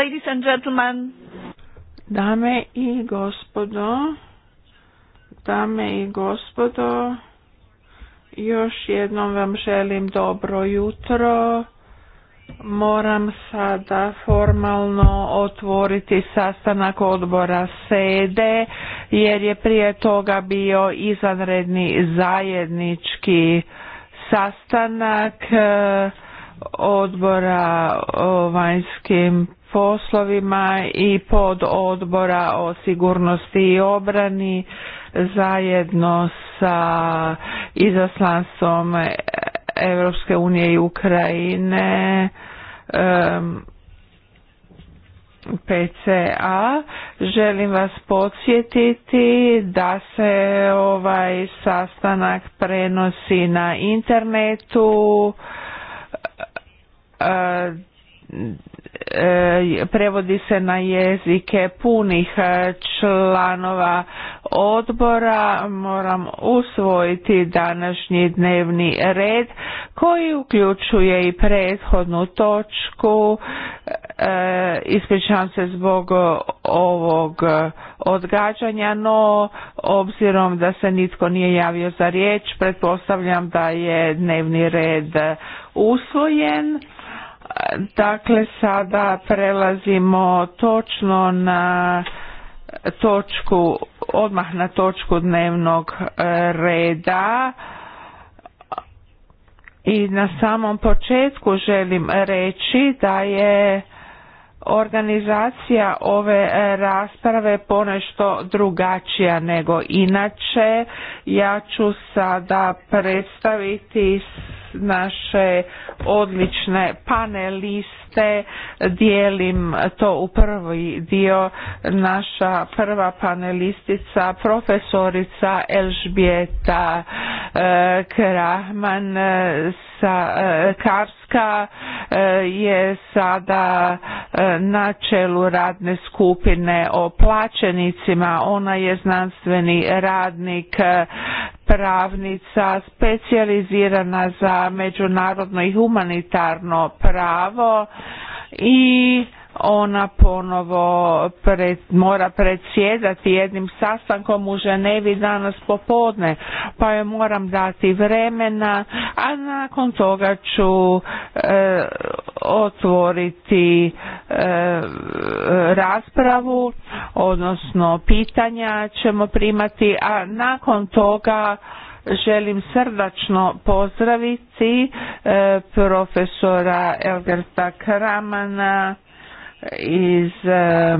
Ladies and gentlemen. Dame i gospodo, dame i gospodo, još jednom vam želim dobro jutro. Moram sada formalno otvoriti sastanak odbora sede jer je prije toga bio izvanredni zajednički sastanak eh, odbora o vanjskim poslovima i pod odbora o sigurnosti i obrani zajedno sa izaslanstvom Europske unije i Ukrajine PCA. Želim vas podsjetiti da se ovaj sastanak prenosi na internetu E, prevodi se na jezike punih e, članova odbora moram usvojiti današnji dnevni red koji uključuje i prethodnu točku e, ispričavam se zbog ovog odgađanja no obzirom da se nitko nije javio za riječ pretpostavljam da je dnevni red usvojen Dakle, sada prelazimo točno na točku, odmah na točku dnevnog e, reda. I na samom početku želim reći da je organizacija ove rasprave ponešto drugačija nego inače. Ja ću sada predstaviti naše odlične paneliste te dijelim to u prvi dio naša prva panelistica profesorica Elžbjeta e, Krahman e, sa e, Karska je sada na čelu radne skupine o plaćenicima. Ona je znanstveni radnik pravnica specijalizirana za međunarodno i humanitarno pravo i ona ponovo mora predsjedati jednim sastankom u Ženevi danas popodne, pa joj moram dati vremena, a nakon toga ću e, otvoriti e, raspravu, odnosno pitanja ćemo primati, a nakon toga želim srdačno pozdraviti e, profesora Elgerta Kramana iz e,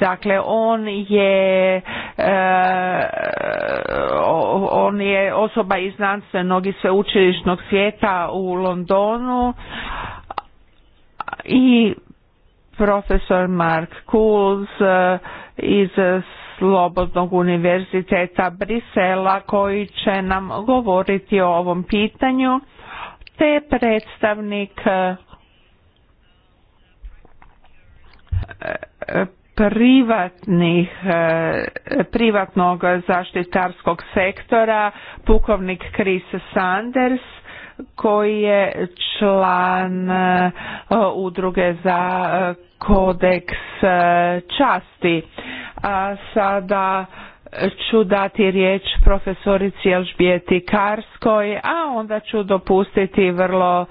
Dakle, on je, e, on je osoba iz znanstvenog i sveučilišnog svijeta u Londonu i profesor Mark Cools iz Slobodnog univerziteta Brisela koji će nam govoriti o ovom pitanju te predstavnik e, e, privatnih e, privatnog zaštitarskog sektora pukovnik Chris Sanders koji je član e, udruge za e, kodeks e, časti. A sada ću dati riječ profesorici Elžbijeti Karskoj, a onda ću dopustiti vrlo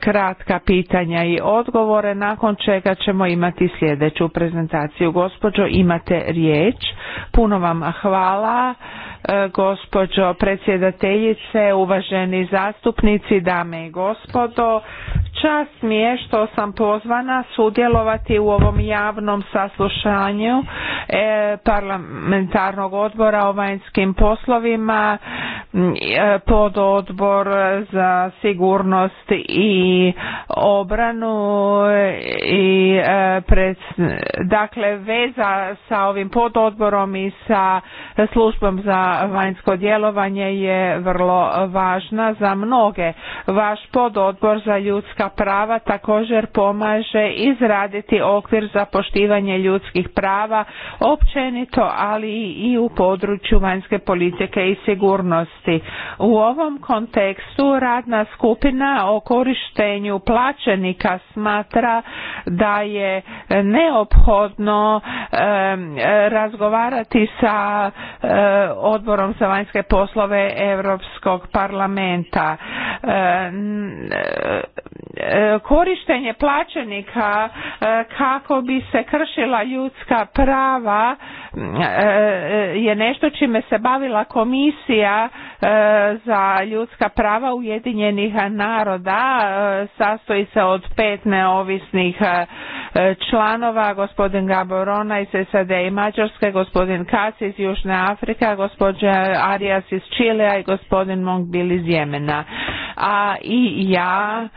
kratka pitanja i odgovore, nakon čega ćemo imati sljedeću prezentaciju. Gospođo, imate riječ. Puno vam hvala gospođo predsjedateljice, uvaženi zastupnici, dame i gospodo. Čast mi je što sam pozvana sudjelovati u ovom javnom saslušanju e, parlamentarnog odbora o vanjskim poslovima e, pod odbor za sigurnost i obranu e, i dakle veza sa ovim pododborom i sa službom za vanjsko djelovanje je vrlo važna za mnoge. Vaš pododbor za ljudska prava također pomaže izraditi okvir za poštivanje ljudskih prava općenito, ali i u području vanjske politike i sigurnosti. U ovom kontekstu radna skupina o korištenju plaćenika smatra da je neophodno razgovarati sa eh, od odborom za vanjske poslove Europskog parlamenta. E, e, korištenje plaćenika e, kako bi se kršila ljudska prava je nešto čime se bavila komisija za ljudska prava Ujedinjenih naroda. Sastoji se od pet neovisnih E, članova, gospodin Gaborona iz SAD i Mađarske, gospodin Kac iz Južne Afrika, gospođa Arias iz Čilea i gospodin Mongbil iz Jemena. A i ja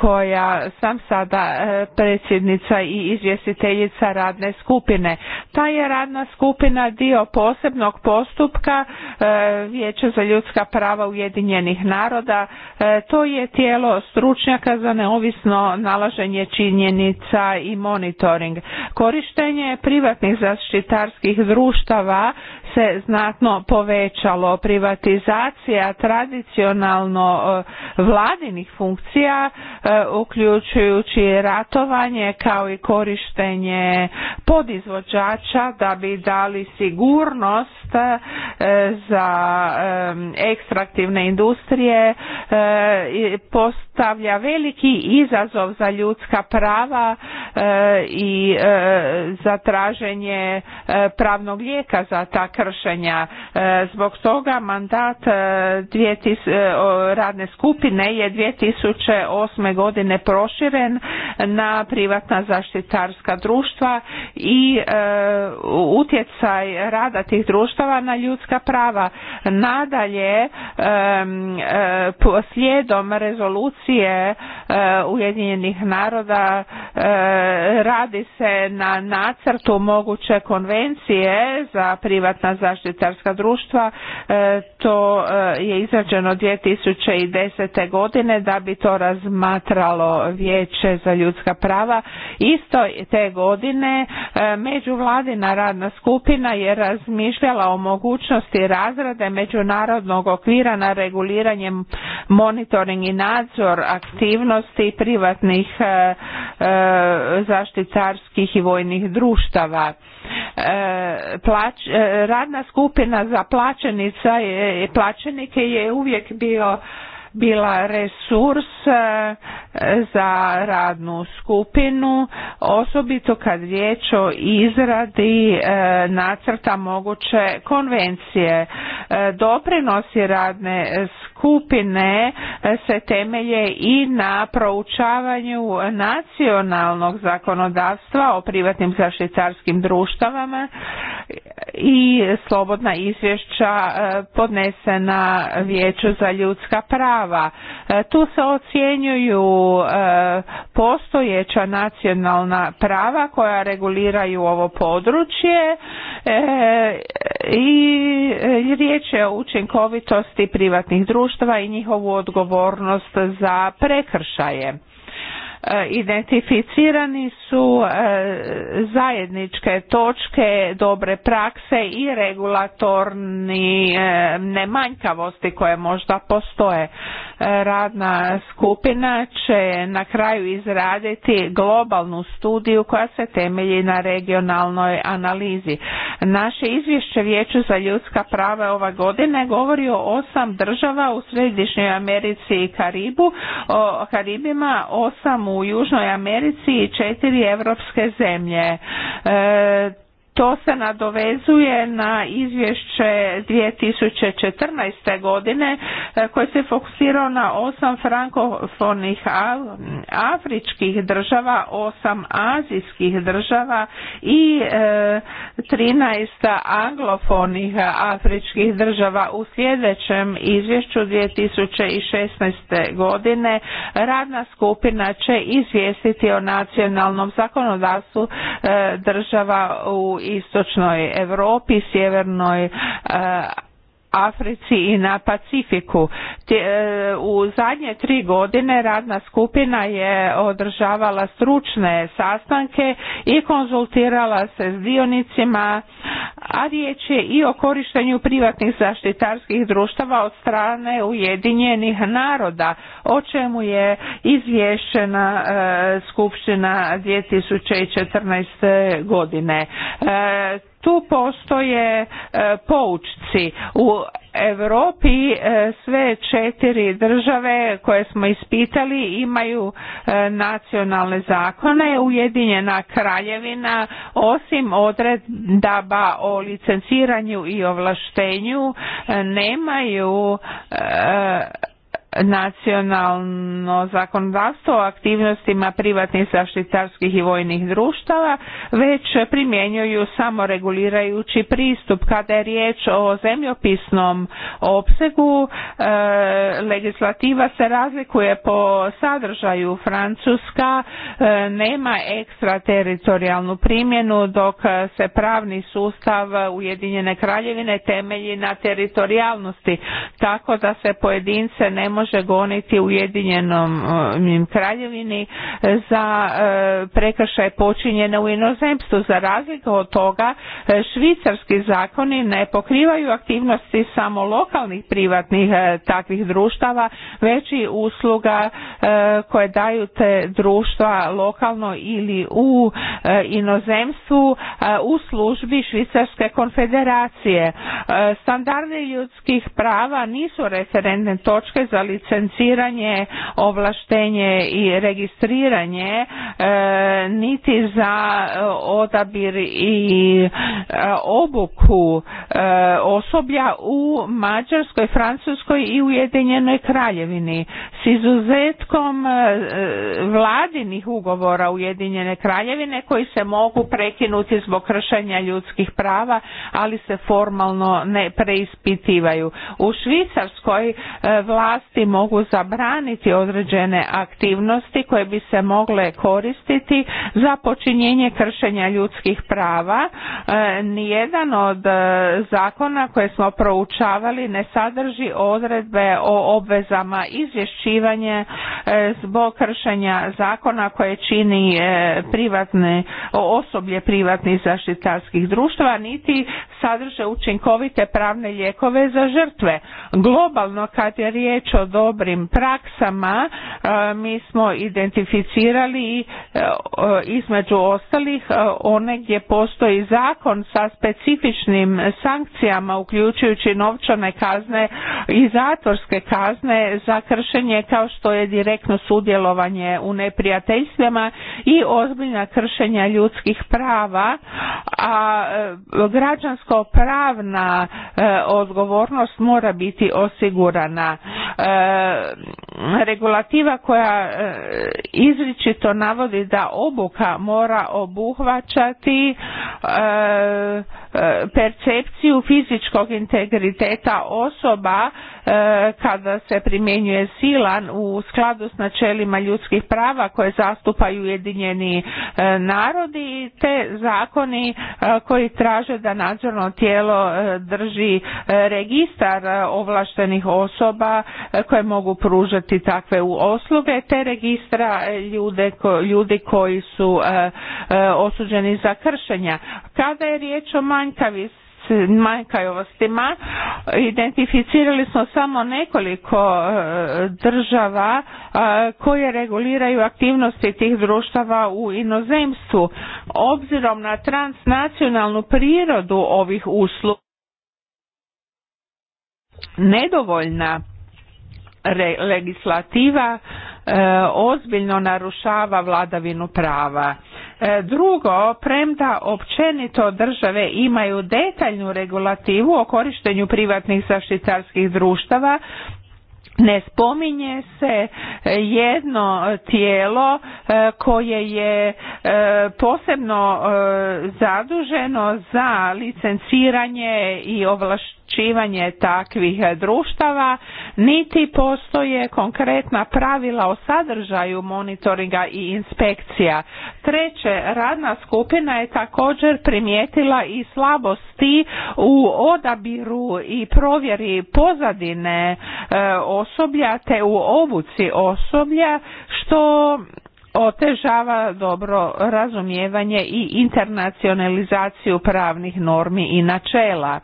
koja sam sada e, predsjednica i izvjestiteljica radne skupine. Ta je radna skupina dio posebnog postupka e, Vijeća za ljudska prava Ujedinjenih naroda. E, to je tijelo stručnjaka za neovisno nalaženje činjenica i monitoring. Korištenje privatnih zaštitarskih društava se znatno povećalo. Privatizacija tradicionalno e, vladinih funkcija, e, uključujući ratovanje kao i korištenje podizvođača da bi dali sigurnost e, za ekstraktivne industrije eh, postavlja veliki izazov za ljudska prava eh, i eh, za traženje pravnog lijeka za ta kršenja. Zbog toga mandat radne skupine je 2008. godine proširen na privatna zaštitarska društva i utjecaj rada tih društava na ljudska ljudska prava. Nadalje, eh, slijedom rezolucije eh, Ujedinjenih naroda eh, radi se na nacrtu moguće konvencije za privatna zaštitarska društva. To je izrađeno 2010. godine da bi to razmatralo vijeće za ljudska prava. Isto te godine međuvladina radna skupina je razmišljala o mogućnosti razrade međunarodnog okvira na reguliranje monitoring i nadzor aktivnosti privatnih e, e, zaštitarskih i vojnih društava. E, radna skupina za plaćenice i plaćenike je uvijek bio bila resurs e, za radnu skupinu, osobito kad riječ o izradi e, nacrta moguće konvencije. E, doprinosi radne skupine se temelje i na proučavanju nacionalnog zakonodavstva o privatnim zaštitarskim društavama i slobodna izvješća podnesena Vijeću za ljudska prava prava. E, tu se ocjenjuju e, postojeća nacionalna prava koja reguliraju ovo područje e, i riječ je o učinkovitosti privatnih društava i njihovu odgovornost za prekršaje. E, identificirani su e, zajedničke točke dobre prakse i regulatorni e, nemanjkavosti koje možda postoje radna skupina će na kraju izraditi globalnu studiju koja se temelji na regionalnoj analizi. Naše izvješće Vijeću za ljudska prava ova godine govori o osam država u Središnjoj Americi i Karibu, o Karibima, osam u Južnoj Americi i četiri evropske zemlje. E, to se nadovezuje na izvješće 2014. godine e, koje se fokusirao na osam frankofonih afričkih država, osam azijskih država i 13 e, anglofonih afričkih država. U sljedećem izvješću 2016. godine radna skupina će izvijestiti o nacionalnom zakonodavstvu e, država u istočnoj Europi, sjevernoj e, Africi i na Pacifiku. E, u zadnje tri godine radna skupina je održavala stručne sastanke i konzultirala se s dionicima a riječ je i o korištenju privatnih zaštitarskih društava od strane Ujedinjenih naroda, o čemu je izvješćena e, Skupština 2014. godine. E, tu postoje e, poučci u Europi e, sve četiri države koje smo ispitali imaju e, nacionalne zakone. Ujedinjena kraljevina osim odredaba o licenciranju i ovlaštenju nemaju nacionalno zakonodavstvo o aktivnostima privatnih zaštitarskih i vojnih društava, već primjenjuju samoregulirajući pristup. Kada je riječ o zemljopisnom opsegu, e, legislativa se razlikuje po sadržaju. Francuska nema nema ekstrateritorijalnu primjenu, dok se pravni sustav Ujedinjene kraljevine temelji na teritorijalnosti, tako da se pojedince ne može goniti Ujedinjenom e, kraljevini e, za e, prekršaj počinjene u inozemstvu. Za razliku od toga, švicarski zakoni ne pokrivaju aktivnosti samo lokalnih privatnih takvih društava, već i usluga koje daju te društva lokalno ili u inozemstvu u službi Švicarske konfederacije. Standardi ljudskih prava nisu referentne točke za licenciranje, ovlaštenje i registriranje, e, niti za e, odabir i e, obuku osoblja u Mađarskoj, Francuskoj i Ujedinjenoj Kraljevini. S izuzetkom vladinih ugovora Ujedinjene Kraljevine koji se mogu prekinuti zbog kršenja ljudskih prava, ali se formalno ne preispitivaju. U Švicarskoj vlasti vlasti mogu zabraniti određene aktivnosti koje bi se mogle koristiti za počinjenje kršenja ljudskih prava. E, nijedan od e, zakona koje smo proučavali ne sadrži odredbe o obvezama izvješćivanje zbog kršenja zakona koje čini e, privatne, osoblje privatnih zaštitarskih društava, niti sadrže učinkovite pravne lijekove za žrtve. Globalno kad je riječ o dobrim praksama e, mi smo identificirali e, između ostalih e, one gdje postoji zakon sa specifičnim sankcijama uključujući novčane kazne i zatvorske kazne za kršenje kao što je direktno sudjelovanje u neprijateljstvima i ozbiljna kršenja ljudskih prava, a građansko-pravna odgovornost mora biti osigurana. E, regulativa koja e, izričito navodi da obuka mora obuhvaćati e, E, percepciju fizičkog integriteta osoba e, kada se primjenjuje silan u skladu s načelima ljudskih prava koje zastupaju Ujedinjeni e, narodi te zakoni koji traže da nadzorno tijelo drži registar ovlaštenih osoba koje mogu pružati takve usluge te registra ljude, ljudi koji su osuđeni za kršenja. Kada je riječ o manjkavi manjkajovostima identificirali smo samo nekoliko e, država e, koje reguliraju aktivnosti tih društava u inozemstvu. Obzirom na transnacionalnu prirodu ovih usluga nedovoljna legislativa E, ozbiljno narušava vladavinu prava. E, drugo, premda općenito države imaju detaljnu regulativu o korištenju privatnih zaštitarskih društava, ne spominje se jedno tijelo e, koje je posebno zaduženo za licenciranje i ovlašćivanje takvih društava niti postoje konkretna pravila o sadržaju monitoringa i inspekcija. Treće, radna skupina je također primijetila i slabosti u odabiru i provjeri pozadine e, osoblja te u obuci osoblja što otežava dobro razumijevanje i internacionalizaciju pravnih normi i načela.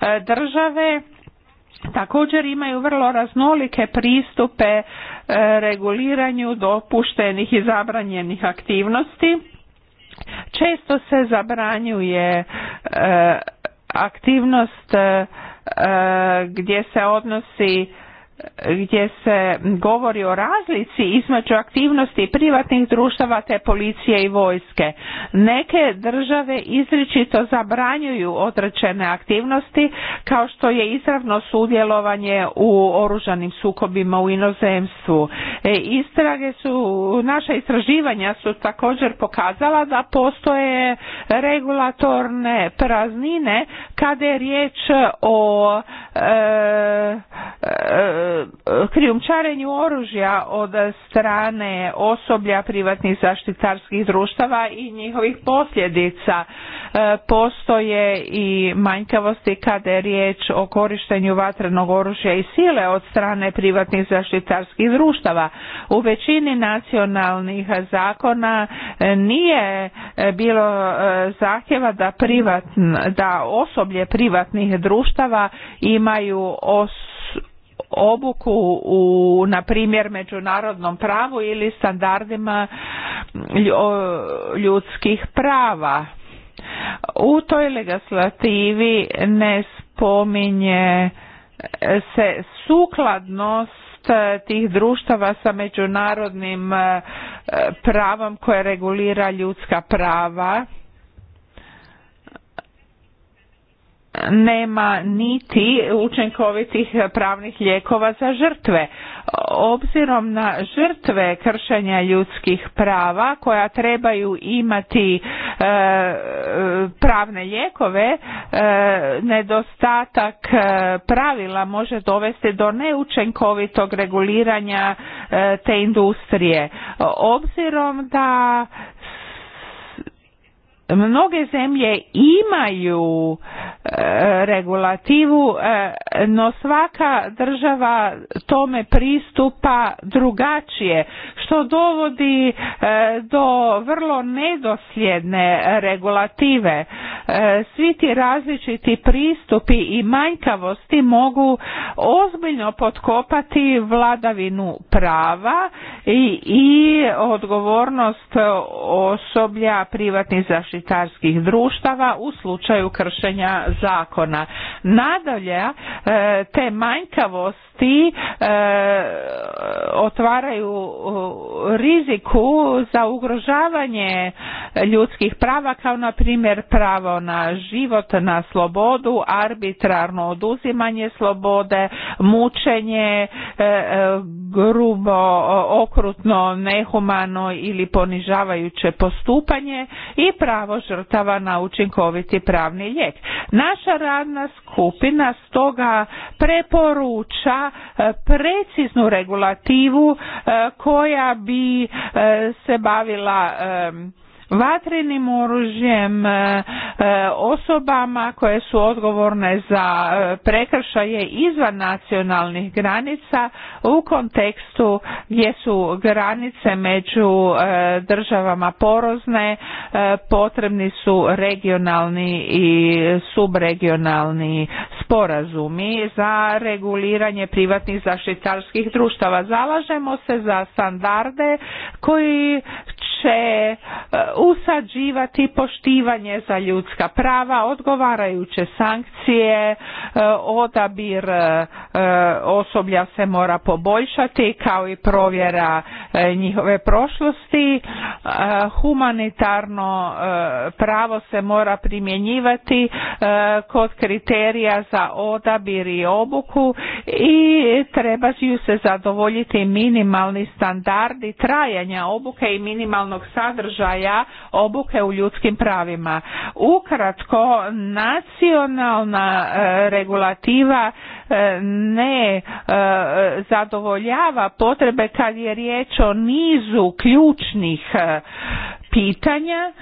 E, države Također imaju vrlo raznolike pristupe e, reguliranju dopuštenih i zabranjenih aktivnosti. Često se zabranjuje e, aktivnost e, gdje se odnosi gdje se govori o razlici između aktivnosti privatnih društava te policije i vojske. Neke države izričito zabranjuju određene aktivnosti kao što je izravno sudjelovanje u oružanim sukobima u inozemstvu. E, istrage su, naša istraživanja su također pokazala da postoje regulatorne praznine kada je riječ o e, e, krijumčarenju oružja od strane osoblja privatnih zaštitarskih društava i njihovih posljedica. E, postoje i manjkavosti kada je riječ o korištenju vatrenog oružja i sile od strane privatnih zaštitarskih društava. U većini nacionalnih zakona nije e, bilo e, zahtjeva da, da osoblje privatnih društava imaju obuku u, na primjer, međunarodnom pravu ili standardima ljudskih prava. U toj legislativi ne spominje se sukladnost tih društava sa međunarodnim e, pravom koje regulira ljudska prava nema niti učinkovitih pravnih lijekova za žrtve. Obzirom na žrtve kršenja ljudskih prava koja trebaju imati e, pravne lijekove, e, nedostatak e, pravila može dovesti do neučinkovitog reguliranja te industrije. Obzirom da mnoge zemlje imaju e, regulativu, e, no svaka država tome pristupa drugačije, što dovodi e, do vrlo nedosljedne regulative. Svi ti različiti pristupi i manjkavosti mogu ozbiljno potkopati vladavinu prava i, i odgovornost osoblja privatnih zaštita zaštitarskih društava u slučaju kršenja zakona. Nadalje, e, te manjkavosti e, otvaraju riziku za ugrožavanje ljudskih prava kao na primjer pravo na život, na slobodu, arbitrarno oduzimanje slobode, mučenje, e, grubo, okrutno, nehumano ili ponižavajuće postupanje i pravo pravo na učinkoviti pravni lijek. Naša radna skupina stoga preporuča e, preciznu regulativu e, koja bi e, se bavila vatrenim oružjem, e, e, osobama koje su odgovorne za e, prekršaje izvan nacionalnih granica u kontekstu gdje su granice među državama porozne, potrebni su regionalni i subregionalni sporazumi za reguliranje privatnih zaštitarskih društava. Zalažemo se za standarde koji će e, usađivati poštivanje za ljudska prava, odgovarajuće sankcije, e, odabir e, osoblja se mora poboljšati kao i provjera njihove prošlosti, humanitarno pravo se mora primjenjivati kod kriterija za odabir i obuku i trebaju se zadovoljiti minimalni standardi trajanja obuke i minimalni seksualnog sadržaja obuke u ljudskim pravima. Ukratko, nacionalna e, regulativa e, ne e, zadovoljava potrebe kad je riječ o nizu ključnih pitanja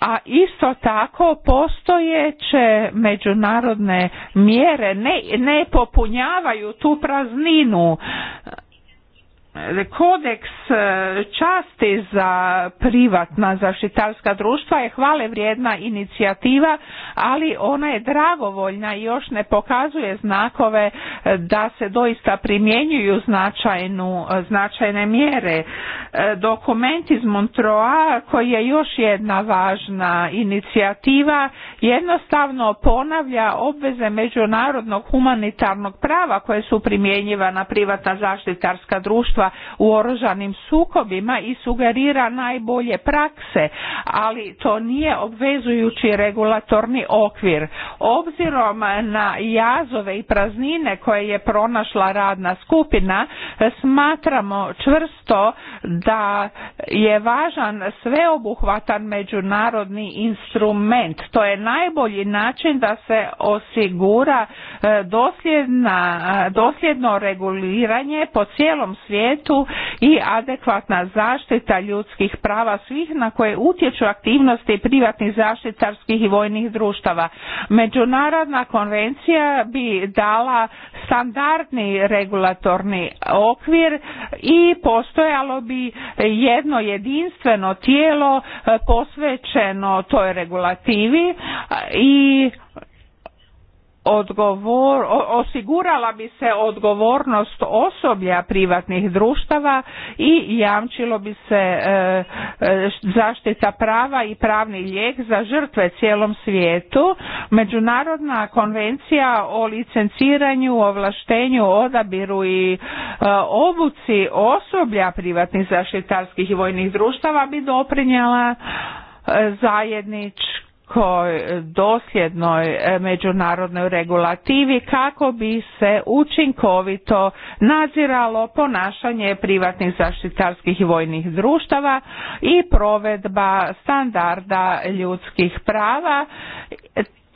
a isto tako postojeće međunarodne mjere ne, ne popunjavaju tu prazninu kodeks e, časti za privatna zaštitarska društva je hvale vrijedna inicijativa, ali ona je dragovoljna i još ne pokazuje znakove e, da se doista primjenjuju značajnu, e, značajne mjere. Dokument iz Montroa koji je još jedna važna inicijativa jednostavno ponavlja obveze međunarodnog humanitarnog prava koje su primjenjiva na privatna zaštitarska društva u oružanim sukobima i sugerira najbolje prakse, ali to nije obvezujući regulatorni okvir. Obzirom na jazove i praznine koje je pronašla radna skupina, smatramo čvrsto da je važan sveobuhvatan međunarodni instrument. To je najbolji način da se osigura e, dosljedno reguliranje po cijelom svijetu svijetu i adekvatna zaštita ljudskih prava svih na koje utječu aktivnosti privatnih zaštitarskih i vojnih društava. Međunarodna konvencija bi dala standardni regulatorni okvir i postojalo bi jedno jedinstveno tijelo e, posvećeno toj regulativi i odgovor, osigurala bi se odgovornost osoblja privatnih društava i jamčilo bi se e, e, zaštita prava i pravni lijek za žrtve cijelom svijetu. Međunarodna konvencija o licenciranju, ovlaštenju, odabiru i e, obuci osoblja privatnih zaštitarskih i vojnih društava bi doprinjala zajedničku koj dosljednoj e, međunarodnoj regulativi kako bi se učinkovito nadziralo ponašanje privatnih zaštitarskih i vojnih društava i provedba standarda ljudskih prava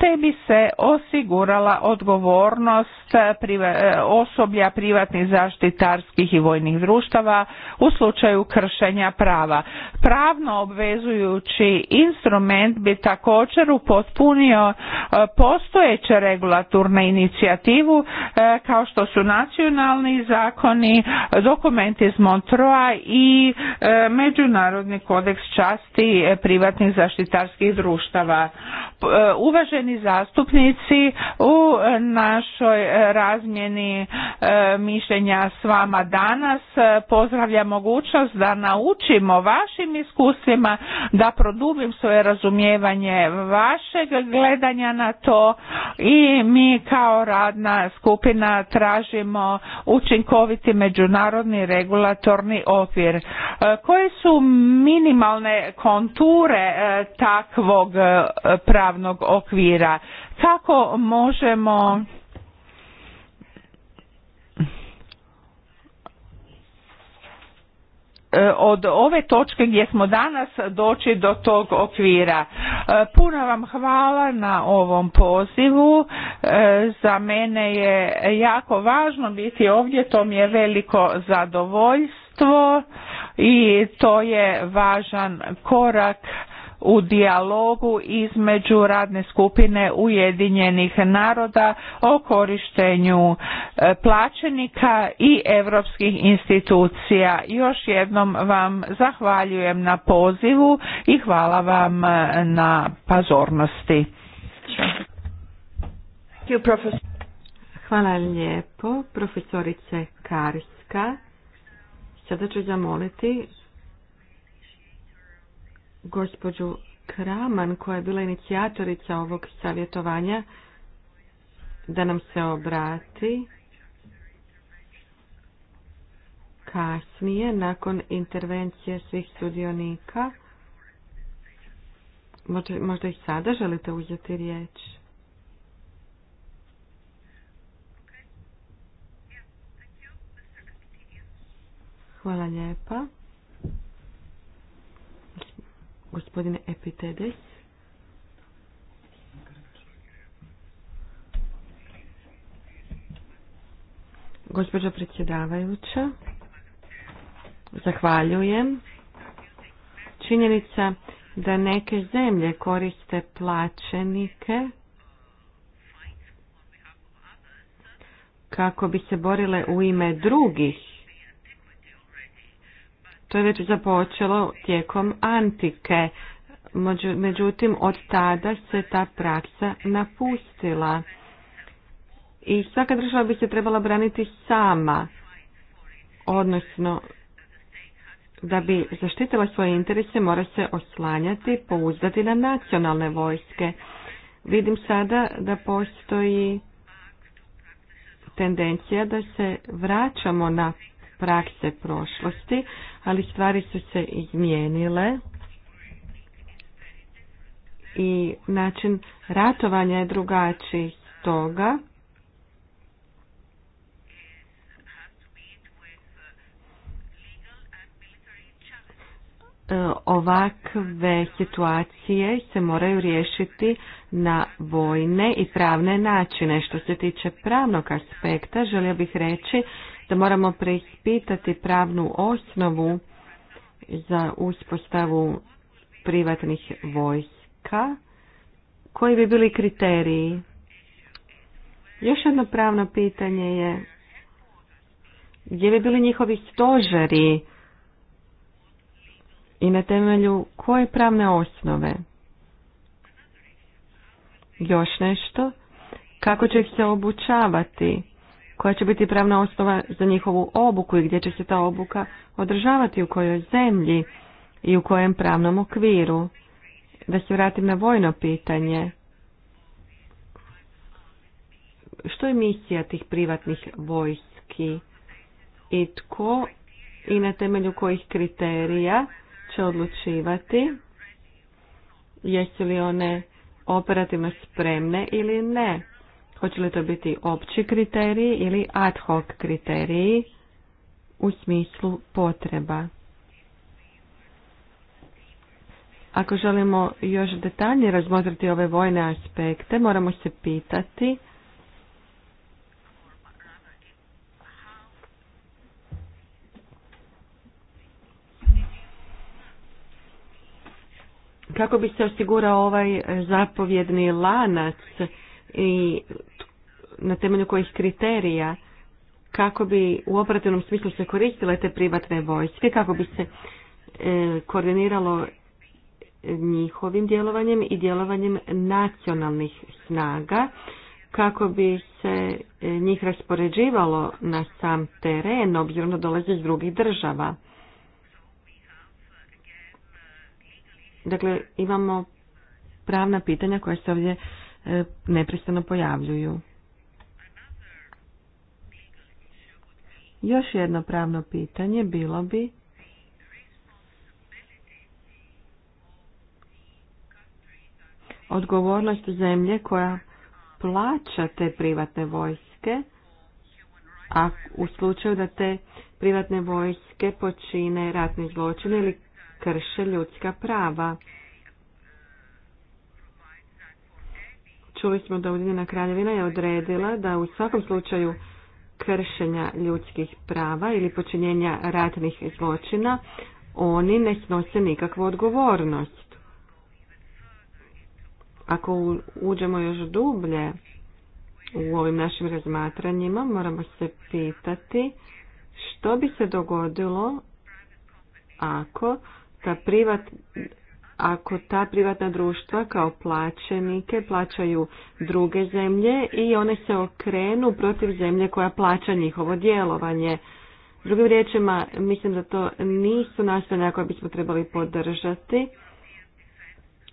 te bi se osigurala odgovornost eh, eh, osoblja privatnih zaštitarskih i vojnih društava u slučaju kršenja prava. Pravno obvezujući instrument bi također upotpunio eh, postojeće regulatorne inicijativu kao što su nacionalni zakoni, dokumenti iz Montroa i Međunarodni kodeks časti privatnih zaštitarskih društava. Uvaženi zastupnici u našoj razmjeni e, mišljenja s vama danas. Pozdravljam mogućnost da naučimo vašim iskustvima, da produbim svoje razumijevanje vašeg gledanja na to i mi kao radna skupina tražimo učinkoviti međunarodni regulatorni okvir. E, koje su minimalne konture e, takvog pravnog okvira? okvira. Kako možemo e, od ove točke gdje smo danas doći do tog okvira. E, puno vam hvala na ovom pozivu. E, za mene je jako važno biti ovdje, to mi je veliko zadovoljstvo i to je važan korak u dijalogu između radne skupine Ujedinjenih naroda o korištenju e, plaćenika i europskih institucija. Još jednom vam zahvaljujem na pozivu i hvala vam e, na pozornosti. Hvala lijepo, profesorice Karska. Sada ću zamoliti gospođu Kraman koja je bila inicijatorica ovog savjetovanja da nam se obrati kasnije nakon intervencije svih sudionika. Možda, možda i sada želite uzeti riječ. Hvala lijepa. Gospodine Epitedes. gospođa predsjedavajuća, zahvaljujem. Činjenica da neke zemlje koriste plaćenike kako bi se borile u ime drugih to je već započelo tijekom antike. Međutim, od tada se ta praksa napustila. I svaka država bi se trebala braniti sama, odnosno da bi zaštitila svoje interese mora se oslanjati, pouzdati na nacionalne vojske. Vidim sada da postoji tendencija da se vraćamo na prakse prošlosti, ali stvari su se izmijenile i način ratovanja je drugačiji toga. E, ovakve situacije se moraju riješiti na vojne i pravne načine. Što se tiče pravnog aspekta, želio bih reći da moramo preispitati pravnu osnovu za uspostavu privatnih vojska. Koji bi bili kriteriji? Još jedno pravno pitanje je gdje bi bili njihovi stožeri i na temelju koje pravne osnove? Još nešto? Kako će ih se obučavati? koja će biti pravna osnova za njihovu obuku i gdje će se ta obuka održavati u kojoj zemlji i u kojem pravnom okviru. Da se vratim na vojno pitanje. Što je misija tih privatnih vojski i tko i na temelju kojih kriterija će odlučivati jesu li one operativno spremne ili ne? Hoće li to biti opći kriteriji ili ad hoc kriteriji u smislu potreba? Ako želimo još detaljnije razmotriti ove vojne aspekte, moramo se pitati kako bi se osigurao ovaj zapovjedni lanac i na temelju kojih kriterija kako bi u operativnom smislu se koristile te privatne vojske, kako bi se e, koordiniralo njihovim djelovanjem i djelovanjem nacionalnih snaga, kako bi se e, njih raspoređivalo na sam teren, obzirom da dolaze iz drugih država. Dakle, imamo pravna pitanja koja se ovdje e, nepristano pojavljuju. Još jedno pravno pitanje bilo bi odgovornost zemlje koja plaća te privatne vojske, a u slučaju da te privatne vojske počine ratni zločin ili krše ljudska prava. Čuli smo da Ujedinjena kraljevina je odredila da u svakom slučaju kršenja ljudskih prava ili počinjenja ratnih zločina, oni ne snose nikakvu odgovornost. Ako uđemo još dublje u ovim našim razmatranjima, moramo se pitati što bi se dogodilo ako ta privat, ako ta privatna društva kao plaćenike plaćaju druge zemlje i one se okrenu protiv zemlje koja plaća njihovo djelovanje. Drugim riječima, mislim da to nisu nastojanja koje bismo trebali podržati.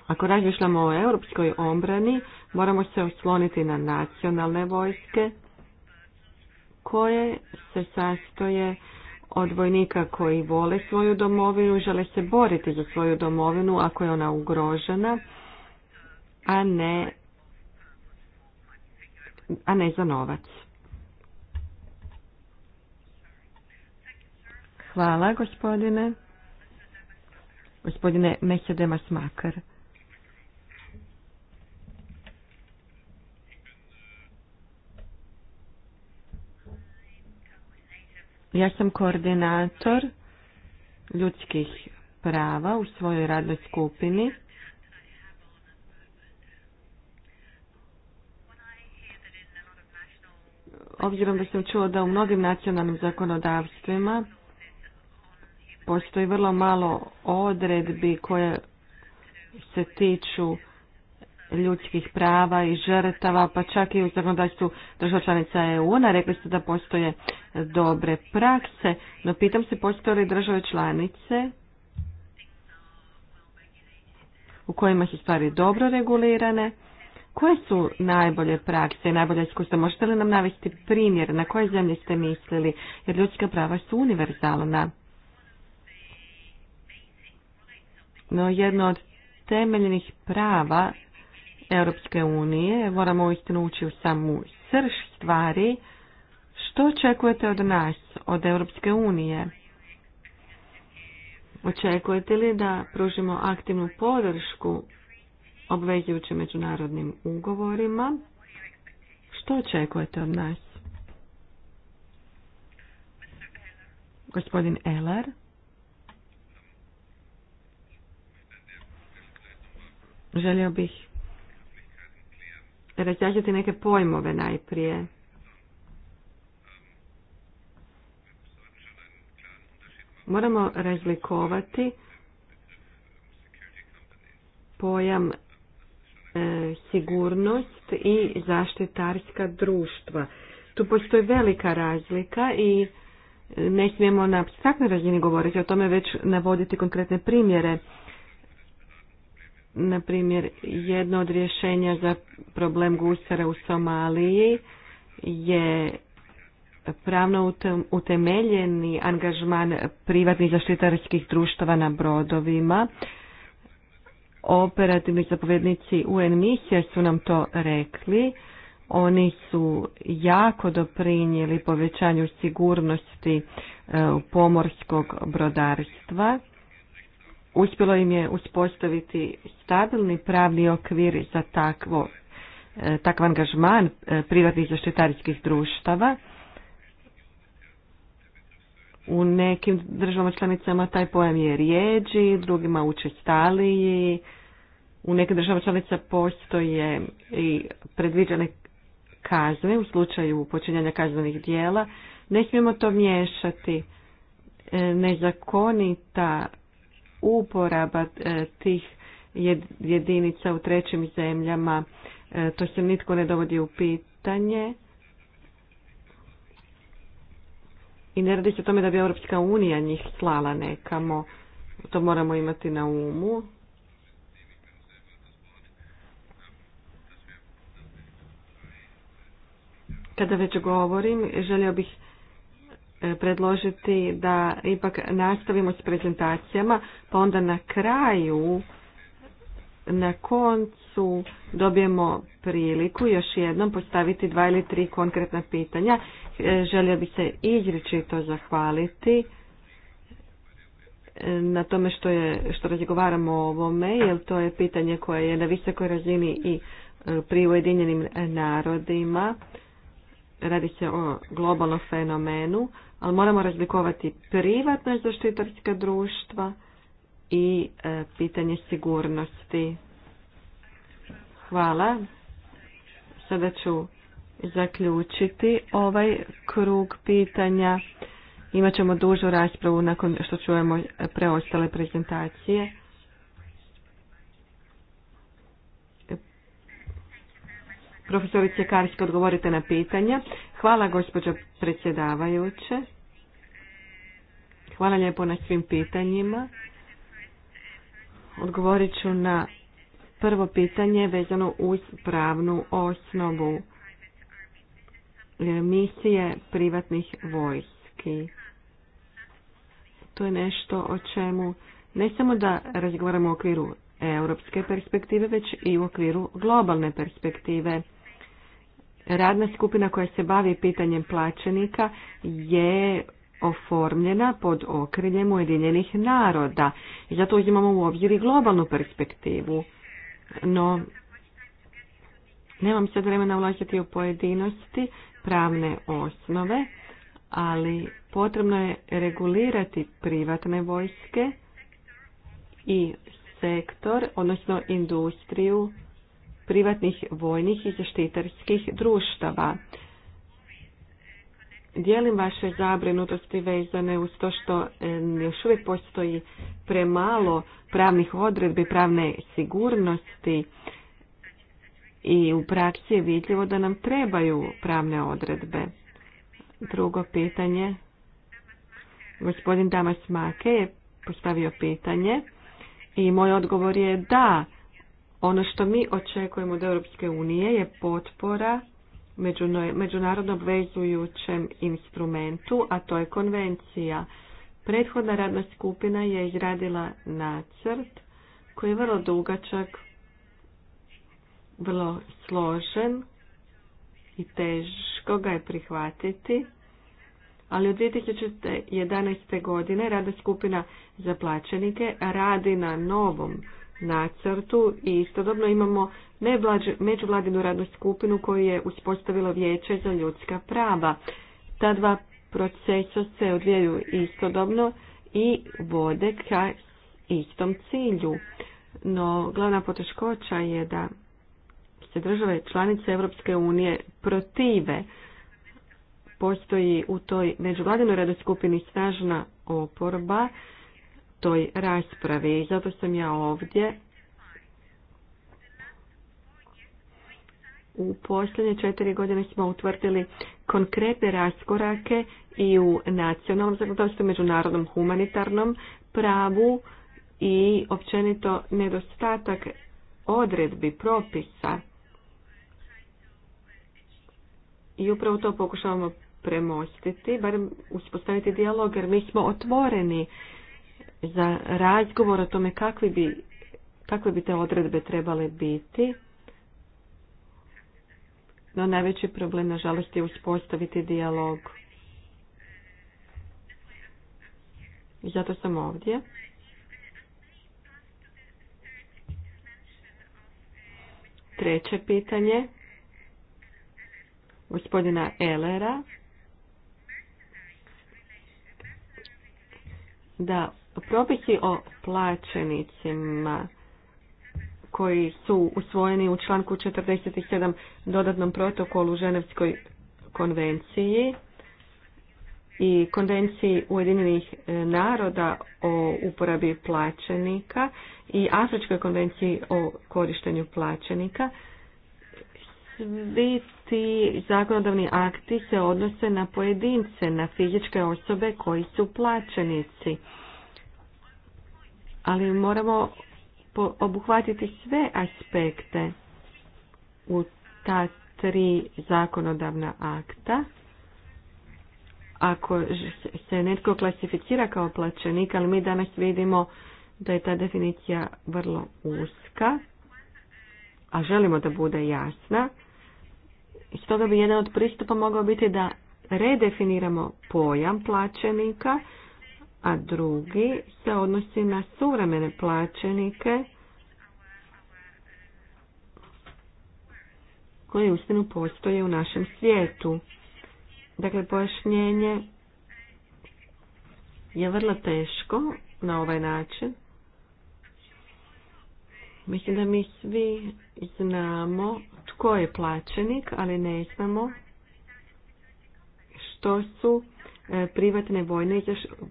Ako razmišljamo o europskoj obrani, moramo se osloniti na nacionalne vojske koje se sastoje od vojnika koji vole svoju domovinu, žele se boriti za svoju domovinu ako je ona ugrožena, a ne, a ne za novac. Hvala gospodine. Gospodine Mehedema Smakar. Ja sam koordinator ljudskih prava u svojoj radnoj skupini. Obzirom da sam čuo da u mnogim nacionalnim zakonodavstvima postoji vrlo malo odredbi koje se tiču ljudskih prava i žrtava, pa čak i u zakonodavstvu država članica EU. Na rekli ste da postoje dobre prakse, no pitam se postoje li države članice u kojima su stvari dobro regulirane. Koje su najbolje prakse i najbolje iskustva? Možete li nam navesti primjer na koje zemlje ste mislili? Jer ljudska prava su univerzalna. No jedno od temeljnih prava Europske unije, moramo uistinu ući u samu srž stvari. Što očekujete od nas, od Europske unije? Očekujete li da pružimo aktivnu podršku obvezujući međunarodnim ugovorima? Što očekujete od nas? Gospodin Elar. Želio bih razjašnjati neke pojmove najprije. Moramo razlikovati pojam e, sigurnost i zaštitarska društva. Tu postoji velika razlika i ne smijemo na abstraktnoj razini govoriti o tome, već navoditi konkretne primjere na primjer, jedno od rješenja za problem gusara u Somaliji je pravno utemeljeni angažman privatnih zaštitarskih društava na brodovima. Operativni zapovjednici UN misije su nam to rekli. Oni su jako doprinijeli povećanju sigurnosti e, pomorskog brodarstva uspjelo im je uspostaviti stabilni pravni okvir za takvo, e, takav angažman e, privatnih zaštitarskih društava. U nekim državama članicama taj pojam je rijeđi, drugima učestaliji. U nekim državama članica postoje i predviđene kazne u slučaju počinjanja kaznenih dijela. Ne smijemo to miješati. E, nezakonita uporaba e, tih jedinica u trećim zemljama, e, to se nitko ne dovodi u pitanje. I ne radi se o tome da bi Europska unija njih slala nekamo, to moramo imati na umu. Kada već govorim, želio bih predložiti da ipak nastavimo s prezentacijama, pa onda na kraju, na koncu dobijemo priliku još jednom postaviti dva ili tri konkretna pitanja. E, želio bi se izričito zahvaliti e, na tome što, je, što razgovaramo o ovome, jer to je pitanje koje je na visokoj razini i e, pri Ujedinjenim narodima. Radi se o globalnom fenomenu ali moramo razlikovati privatna zaštitarska društva i e, pitanje sigurnosti. Hvala. Sada ću zaključiti ovaj krug pitanja. Imaćemo dužu raspravu nakon što čujemo e, preostale prezentacije. Profesorice Karski, odgovorite na pitanja. Hvala gospođo predsjedavajuće. Hvala lijepo na svim pitanjima. Odgovorit ću na prvo pitanje vezano uz pravnu osnovu misije privatnih vojski. To je nešto o čemu ne samo da razgovaramo u okviru europske perspektive, već i u okviru globalne perspektive. Radna skupina koja se bavi pitanjem plaćenika je oformljena pod okriljem Ujedinjenih naroda. I zato uzimamo u obzir i globalnu perspektivu. No, nemam sad vremena ulaziti u pojedinosti pravne osnove, ali potrebno je regulirati privatne vojske i sektor, odnosno industriju privatnih vojnih i zaštitarskih društava. Dijelim vaše zabrinutosti vezane uz to što još uvijek postoji premalo pravnih odredbi, pravne sigurnosti i u praksi je vidljivo da nam trebaju pravne odredbe. Drugo pitanje. Gospodin Damas Make je postavio pitanje i moj odgovor je da ono što mi očekujemo od Europske unije je potpora međunarodno obvezujućem instrumentu, a to je konvencija. Prethodna radna skupina je izradila nacrt koji je vrlo dugačak, vrlo složen i teško ga je prihvatiti. Ali od 2011. godine rada skupina za plaćenike radi na novom nacrtu i istodobno imamo međuvladinu radnu skupinu koju je uspostavilo vijeće za ljudska prava. Ta dva procesa se odvijaju istodobno i vode ka istom cilju. No, glavna poteškoća je da se države članice Europske unije protive. Postoji u toj međuvladinoj radnoj skupini snažna oporba toj raspravi. Zato sam ja ovdje. U posljednje četiri godine smo utvrdili konkretne raskorake i u nacionalnom zakonodavstvu, međunarodnom humanitarnom pravu i općenito nedostatak odredbi, propisa. I upravo to pokušavamo premostiti, barem uspostaviti dijalog jer mi smo otvoreni za razgovor o tome kakvi bi, kakve bi te odredbe trebale biti. No najveći problem, nažalost, je uspostaviti dijalog. zato sam ovdje. Treće pitanje gospodina Elera da propisi o plaćenicima koji su usvojeni u članku 47 dodatnom protokolu Ženevskoj konvenciji i konvenciji Ujedinjenih e, naroda o uporabi plaćenika i Afričkoj konvenciji o korištenju plaćenika. Svi ti zakonodavni akti se odnose na pojedince, na fizičke osobe koji su plaćenici ali moramo obuhvatiti sve aspekte u ta tri zakonodavna akta. Ako se netko klasificira kao plaćenik, ali mi danas vidimo da je ta definicija vrlo uska, a želimo da bude jasna, stoga bi jedan od pristupa mogao biti da redefiniramo pojam plaćenika – a drugi se odnosi na suvremene plaćenike koji uistinu postoje u našem svijetu. Dakle, pojašnjenje je vrlo teško na ovaj način. Mislim da mi svi znamo tko je plaćenik, ali ne znamo što su E, privatne vojne,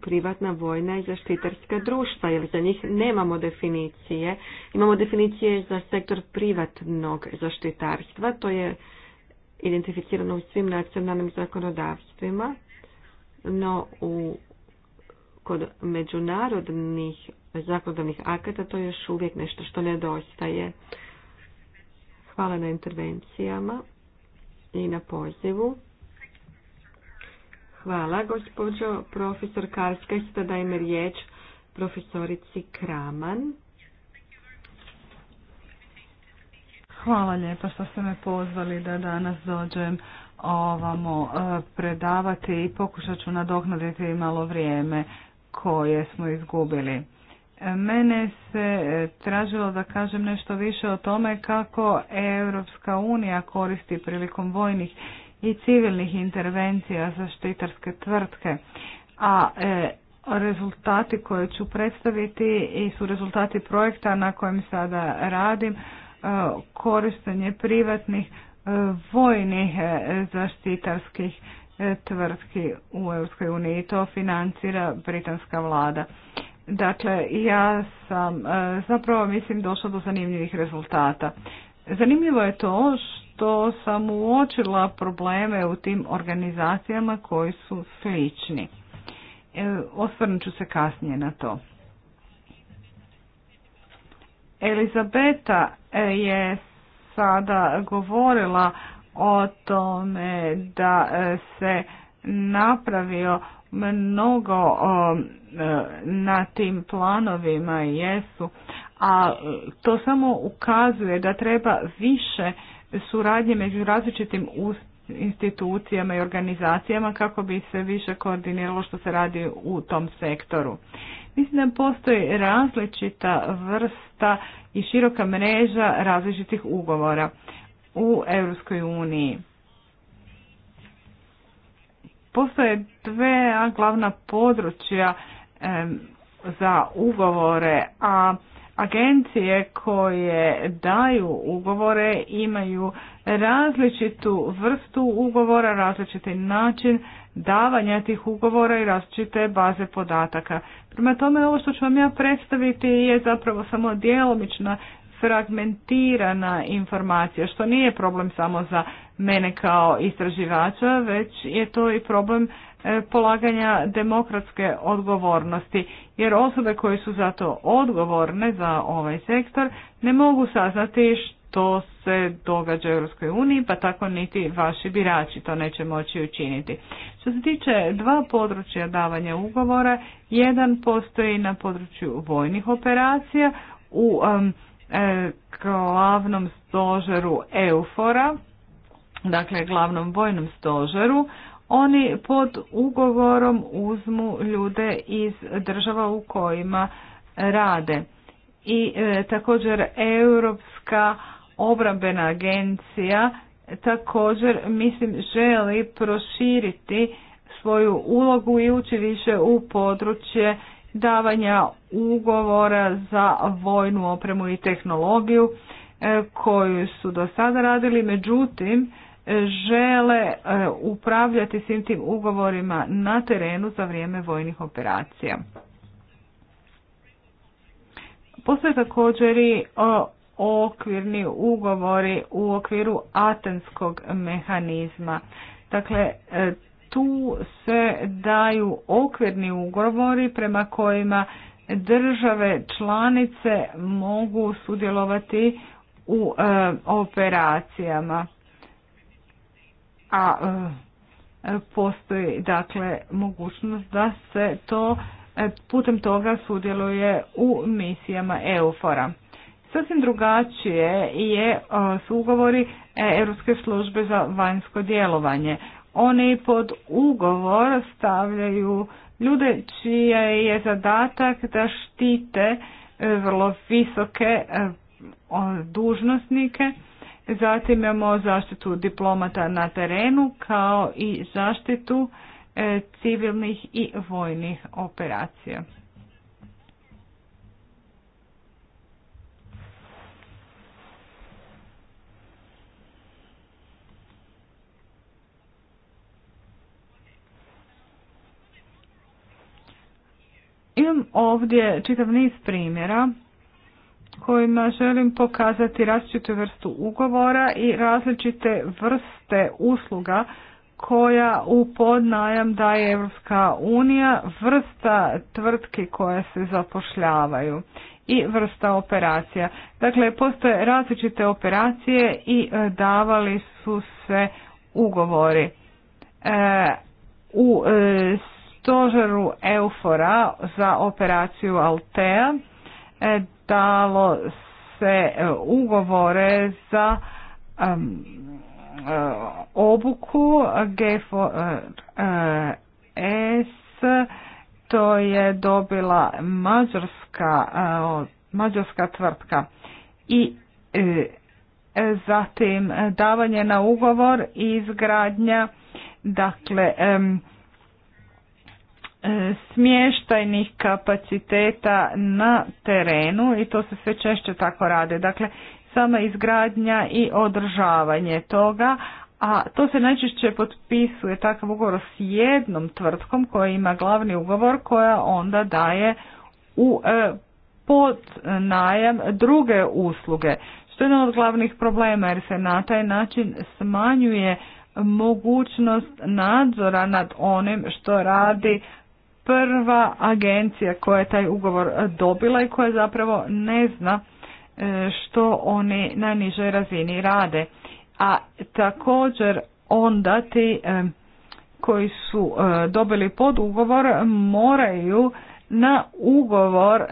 privatna vojna i zaštitarska društva, jer za njih nemamo definicije. Imamo definicije za sektor privatnog zaštitarstva, to je identificirano u svim nacionalnim zakonodavstvima, no u, kod međunarodnih zakonodavnih akata to je još uvijek nešto što nedostaje. Hvala na intervencijama i na pozivu. Hvala, gospođo profesor Karska. Sada dajem riječ profesorici Kraman. Hvala lijepa što ste me pozvali da danas dođem ovamo e, predavati i pokušat ću nadoknaditi malo vrijeme koje smo izgubili. E, mene se e, tražilo da kažem nešto više o tome kako Europska unija koristi prilikom vojnih i civilnih intervencija za štitarske tvrtke. A e, rezultati koje ću predstaviti i su rezultati projekta na kojem sada radim, e, korištenje privatnih e, vojnih e, zaštitarskih tvrtki u EU i to financira britanska vlada. Dakle, ja sam zapravo mislim došla do zanimljivih rezultata. Zanimljivo je to što to sam uočila probleme u tim organizacijama koji su slični. E, osvrnut ću se kasnije na to. Elizabeta e, je sada govorila o tome da e, se napravio mnogo na tim planovima jesu, a to samo ukazuje da treba više suradnje među različitim institucijama i organizacijama kako bi se više koordiniralo što se radi u tom sektoru. Mislim da postoji različita vrsta i široka mreža različitih ugovora u Europskoj uniji. Postoje dve glavna područja za ugovore, a agencije koje daju ugovore imaju različitu vrstu ugovora, različiti način davanja tih ugovora i različite baze podataka. Prema tome ovo što ću vam ja predstaviti je zapravo samo djelomična fragmentirana informacija, što nije problem samo za mene kao istraživača, već je to i problem e, polaganja demokratske odgovornosti, jer osobe koje su zato odgovorne za ovaj sektor ne mogu saznati što se događa u Europskoj uniji, pa tako niti vaši birači to neće moći učiniti. Što se tiče dva područja davanja ugovora, jedan postoji na području vojnih operacija u um, E, glavnom stožeru Eufora, dakle glavnom vojnom stožeru, oni pod ugovorom uzmu ljude iz država u kojima rade. I e, također Europska obrambena agencija također mislim želi proširiti svoju ulogu i ući više u područje davanja ugovora za vojnu opremu i tehnologiju e, koju su do sada radili, međutim e, žele e, upravljati svim tim ugovorima na terenu za vrijeme vojnih operacija. Postoje također i okvirni ugovori u okviru atenskog mehanizma. Dakle, tu se daju okvirni ugovori prema kojima države članice mogu sudjelovati u e, operacijama. A e, postoji dakle mogućnost da se to e, putem toga sudjeluje u misijama EUFORA. Sasvim drugačije je, su ugovori Europske službe za vanjsko djelovanje. Oni pod ugovor stavljaju ljude čije je zadatak da štite e, vrlo visoke e, dužnosnike. Zatim imamo zaštitu diplomata na terenu kao i zaštitu e, civilnih i vojnih operacija. Imam ovdje čitav niz primjera kojima želim pokazati različitu vrstu ugovora i različite vrste usluga koja u podnajam daje Evropska unija, vrsta tvrtki koja se zapošljavaju i vrsta operacija. Dakle, postoje različite operacije i e, davali su se ugovori. E, u e, stožeru Eufora za operaciju Altea e, dalo se e, ugovore za e, obuku 4 s to je dobila mađarska, mađarska tvrtka i zatim davanje na ugovor izgradnja dakle E, smještajnih kapaciteta na terenu i to se sve češće tako rade. Dakle, sama izgradnja i održavanje toga, a to se najčešće potpisuje takav ugovor s jednom tvrtkom koja ima glavni ugovor koja onda daje u e, pod druge usluge. Što je jedan od glavnih problema jer se na taj način smanjuje mogućnost nadzora nad onim što radi prva agencija koja je taj ugovor e, dobila i koja zapravo ne zna e, što oni na nižoj razini rade. A također onda ti e, koji su dobili podugovor moraju na ugovor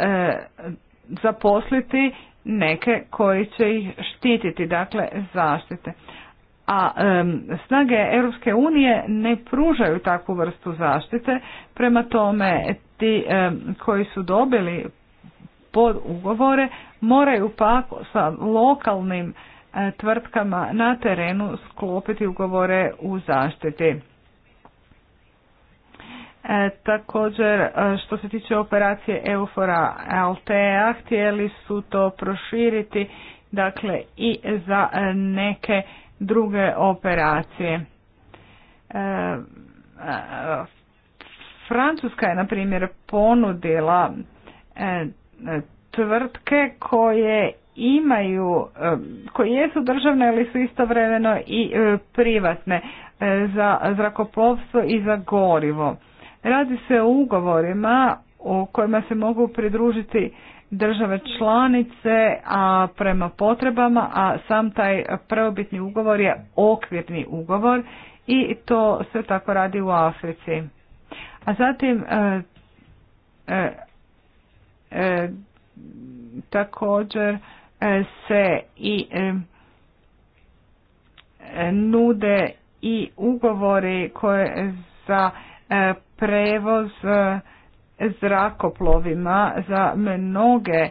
zaposliti neke koji će ih štititi, dakle zaštite a snage Europske unije ne pružaju takvu vrstu zaštite, prema tome ti koji su dobili pod ugovore moraju pak sa lokalnim e, tvrtkama na terenu sklopiti ugovore u zaštiti. E, također, e, što se tiče operacije Eufora Altea, htjeli su to proširiti dakle, i za neke druge operacije. E, e, Francuska je, na primjer, ponudila e, tvrtke koje imaju, koje jesu državne, ali su istovremeno i privatne za zrakoplovstvo i za gorivo. Radi se o ugovorima u kojima se mogu pridružiti države članice, a prema potrebama, a sam taj prvobitni ugovor je okvirni ugovor i to sve tako radi u Africi. A zatim e, e, e također e, se i e, nude i ugovori koje za prevoz zrakoplovima za mnoge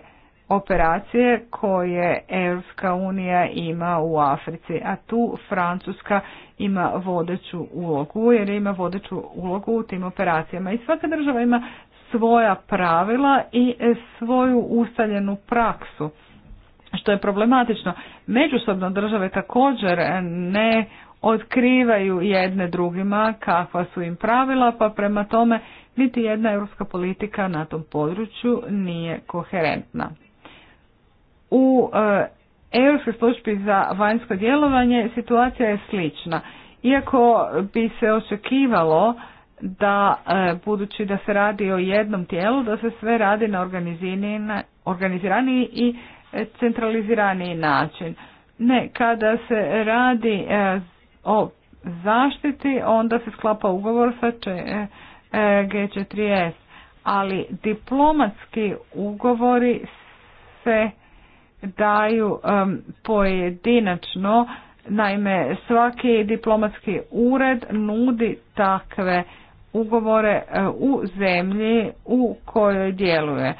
operacije koje Europska unija ima u Africi, a tu Francuska ima vodeću ulogu jer ima vodeću ulogu u tim operacijama i svaka država ima svoja pravila i svoju ustaljenu praksu što je problematično. Međusobno države također ne otkrivaju jedne drugima kakva su im pravila, pa prema tome niti jedna europska politika na tom području nije koherentna. U e, Europskoj službi za vanjsko djelovanje situacija je slična. Iako bi se očekivalo da e, budući da se radi o jednom tijelu, da se sve radi na organiziraniji i centraliziraniji način. Ne, kada se radi e, o zaštiti, onda se sklapa ugovor sa e, e, G4S. Ali diplomatski ugovori se daju pojedinačno, naime svaki diplomatski ured nudi takve ugovore e, u zemlji u kojoj djeluje.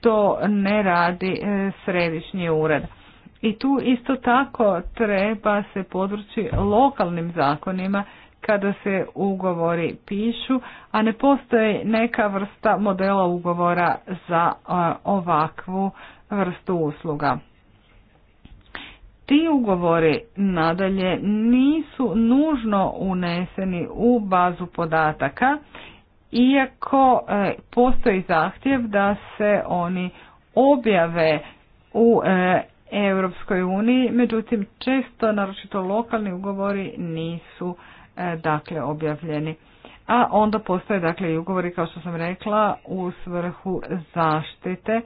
To ne radi središnji ured. I tu isto tako treba se podvrći lokalnim zakonima kada se ugovori pišu, a ne postoji neka vrsta modela ugovora za ovakvu vrstu usluga. Ti ugovori nadalje nisu nužno uneseni u bazu podataka, iako e, postoji zahtjev da se oni objave u e, Europskoj uniji, međutim često, naročito lokalni ugovori nisu e, dakle objavljeni. A onda postoje dakle i ugovori kao što sam rekla u svrhu zaštite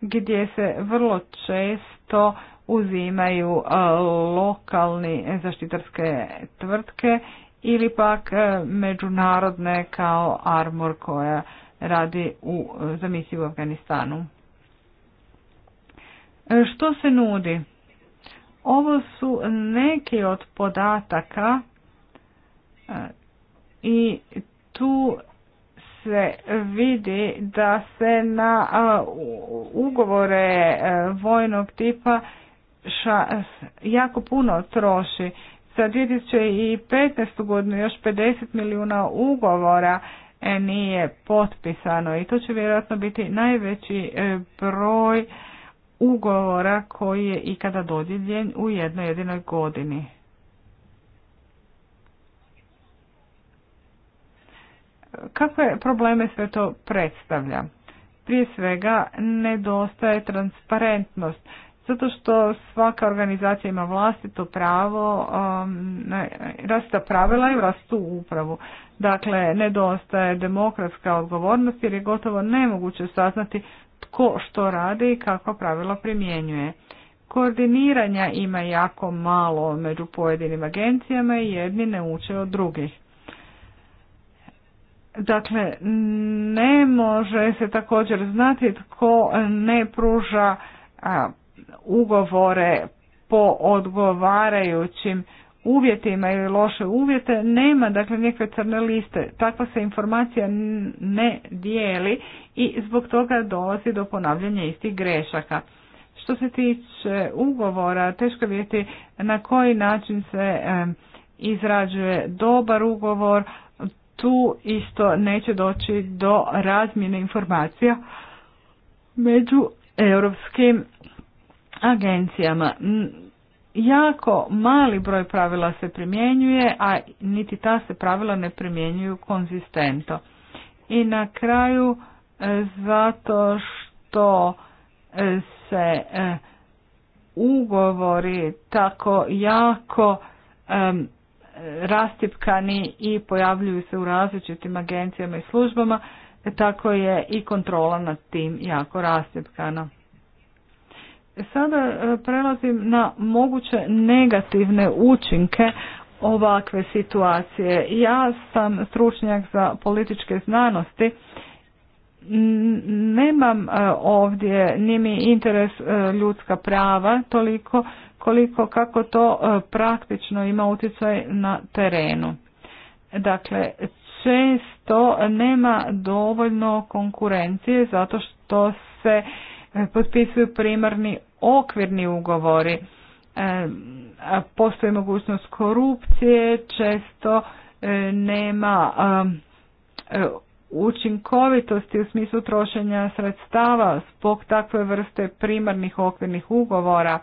gdje se vrlo često uzimaju e, lokalni zaštitarske tvrtke ili pak e, međunarodne kao Armor koja radi u, za u Afganistanu. E, što se nudi? Ovo su neki od podataka e, i tu se vidi da se na ugovore e, vojnog tipa jako puno troši. Za 2015. godinu još 50 milijuna ugovora nije potpisano i to će vjerojatno biti najveći broj ugovora koji je ikada dodijeljen u jednoj jedinoj godini. Kakve probleme sve to predstavlja? Prije svega nedostaje transparentnost, zato što svaka organizacija ima vlastito pravo, rasta um, pravila i rastu upravu. Dakle, nedostaje demokratska odgovornost jer je gotovo nemoguće saznati Ko što radi i kako pravila primjenjuje. Koordiniranja ima jako malo među pojedinim agencijama i jedni ne uče od drugih. Dakle, ne može se također znati tko ne pruža ugovore po odgovarajućim uvjetima ili loše uvjete, nema dakle neke crne liste. Takva se informacija ne dijeli i zbog toga dolazi do ponavljanja istih grešaka. Što se tiče ugovora, teško vidjeti na koji način se izrađuje dobar ugovor, tu isto neće doći do razmjene informacija među europskim agencijama jako mali broj pravila se primjenjuje, a niti ta se pravila ne primjenjuju konzistento. I na kraju e, zato što e, se e, ugovori tako jako rastipkani i pojavljuju se u različitim agencijama i službama, tako je i kontrola nad tim jako rastipkana. Sada e, prelazim na moguće negativne učinke ovakve situacije. Ja sam stručnjak za političke znanosti. Nemam e, ovdje ni mi interes e, ljudska prava toliko koliko kako to praktično ima utjecaj na terenu. Dakle, često nema dovoljno konkurencije zato što se E, potpisuju primarni okvirni ugovori. E, postoji mogućnost korupcije, često e, nema učinkovitosti u smislu trošenja sredstava zbog takve vrste primarnih okvirnih ugovora,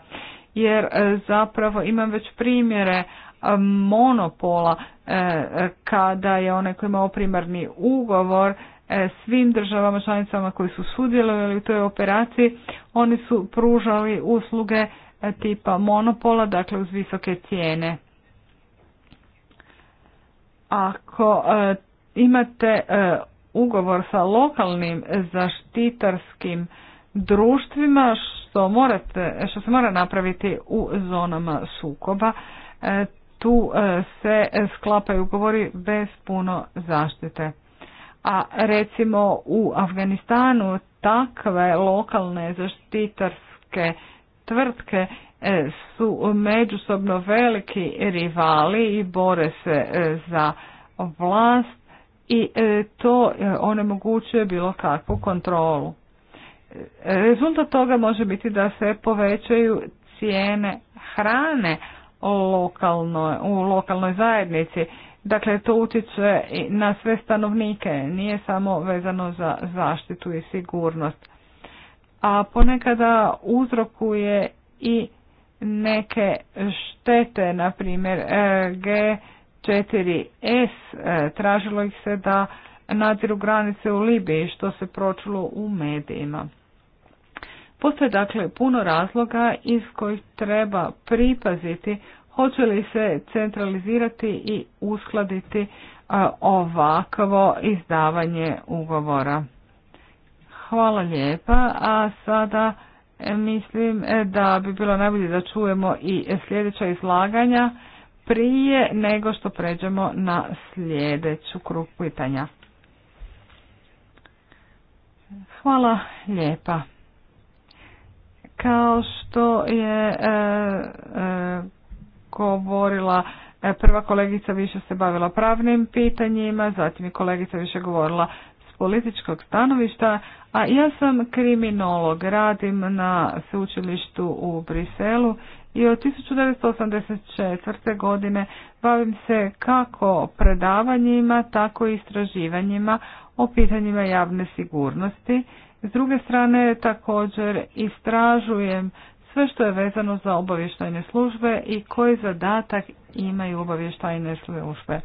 jer zapravo imam već primjere monopola kada je onaj koji imao primarni ugovor E, svim državama članicama koji su sudjelovali u toj operaciji. Oni su pružali usluge e, tipa monopola, dakle uz visoke cijene. Ako e, imate ugovor sa lokalnim zaštitarskim društvima što, morate, što se mora napraviti u zonama sukoba, tu se sklapaju ugovori bez puno zaštite. A recimo u Afganistanu takve lokalne zaštitarske tvrtke e, su međusobno veliki rivali i bore se e, za vlast i e, to onemogućuje bilo kakvu kontrolu. Rezultat toga može biti da se povećaju cijene hrane u lokalnoj zajednici Dakle, to utječe na sve stanovnike, nije samo vezano za zaštitu i sigurnost. A ponekada uzrokuje i neke štete, na primjer e, G4S, e, tražilo ih se da nadiru granice u Libiji, što se pročulo u medijima. Postoje dakle puno razloga iz kojih treba pripaziti hoće li se centralizirati i uskladiti ovakvo izdavanje ugovora. Hvala lijepa, a sada e, mislim e, da bi bilo najbolje da čujemo i sljedeća izlaganja prije nego što pređemo na sljedeću krug pitanja. Hvala lijepa. Kao što je e, govorila e, prva kolegica više se bavila pravnim pitanjima, zatim je kolegica više govorila s političkog stanovišta, a ja sam kriminolog, radim na sveučilištu u Briselu i od 1984. godine bavim se kako predavanjima, tako i istraživanjima o pitanjima javne sigurnosti. S druge strane također istražujem sve što je vezano za obavještajne službe i koji zadatak imaju obavještajne službe.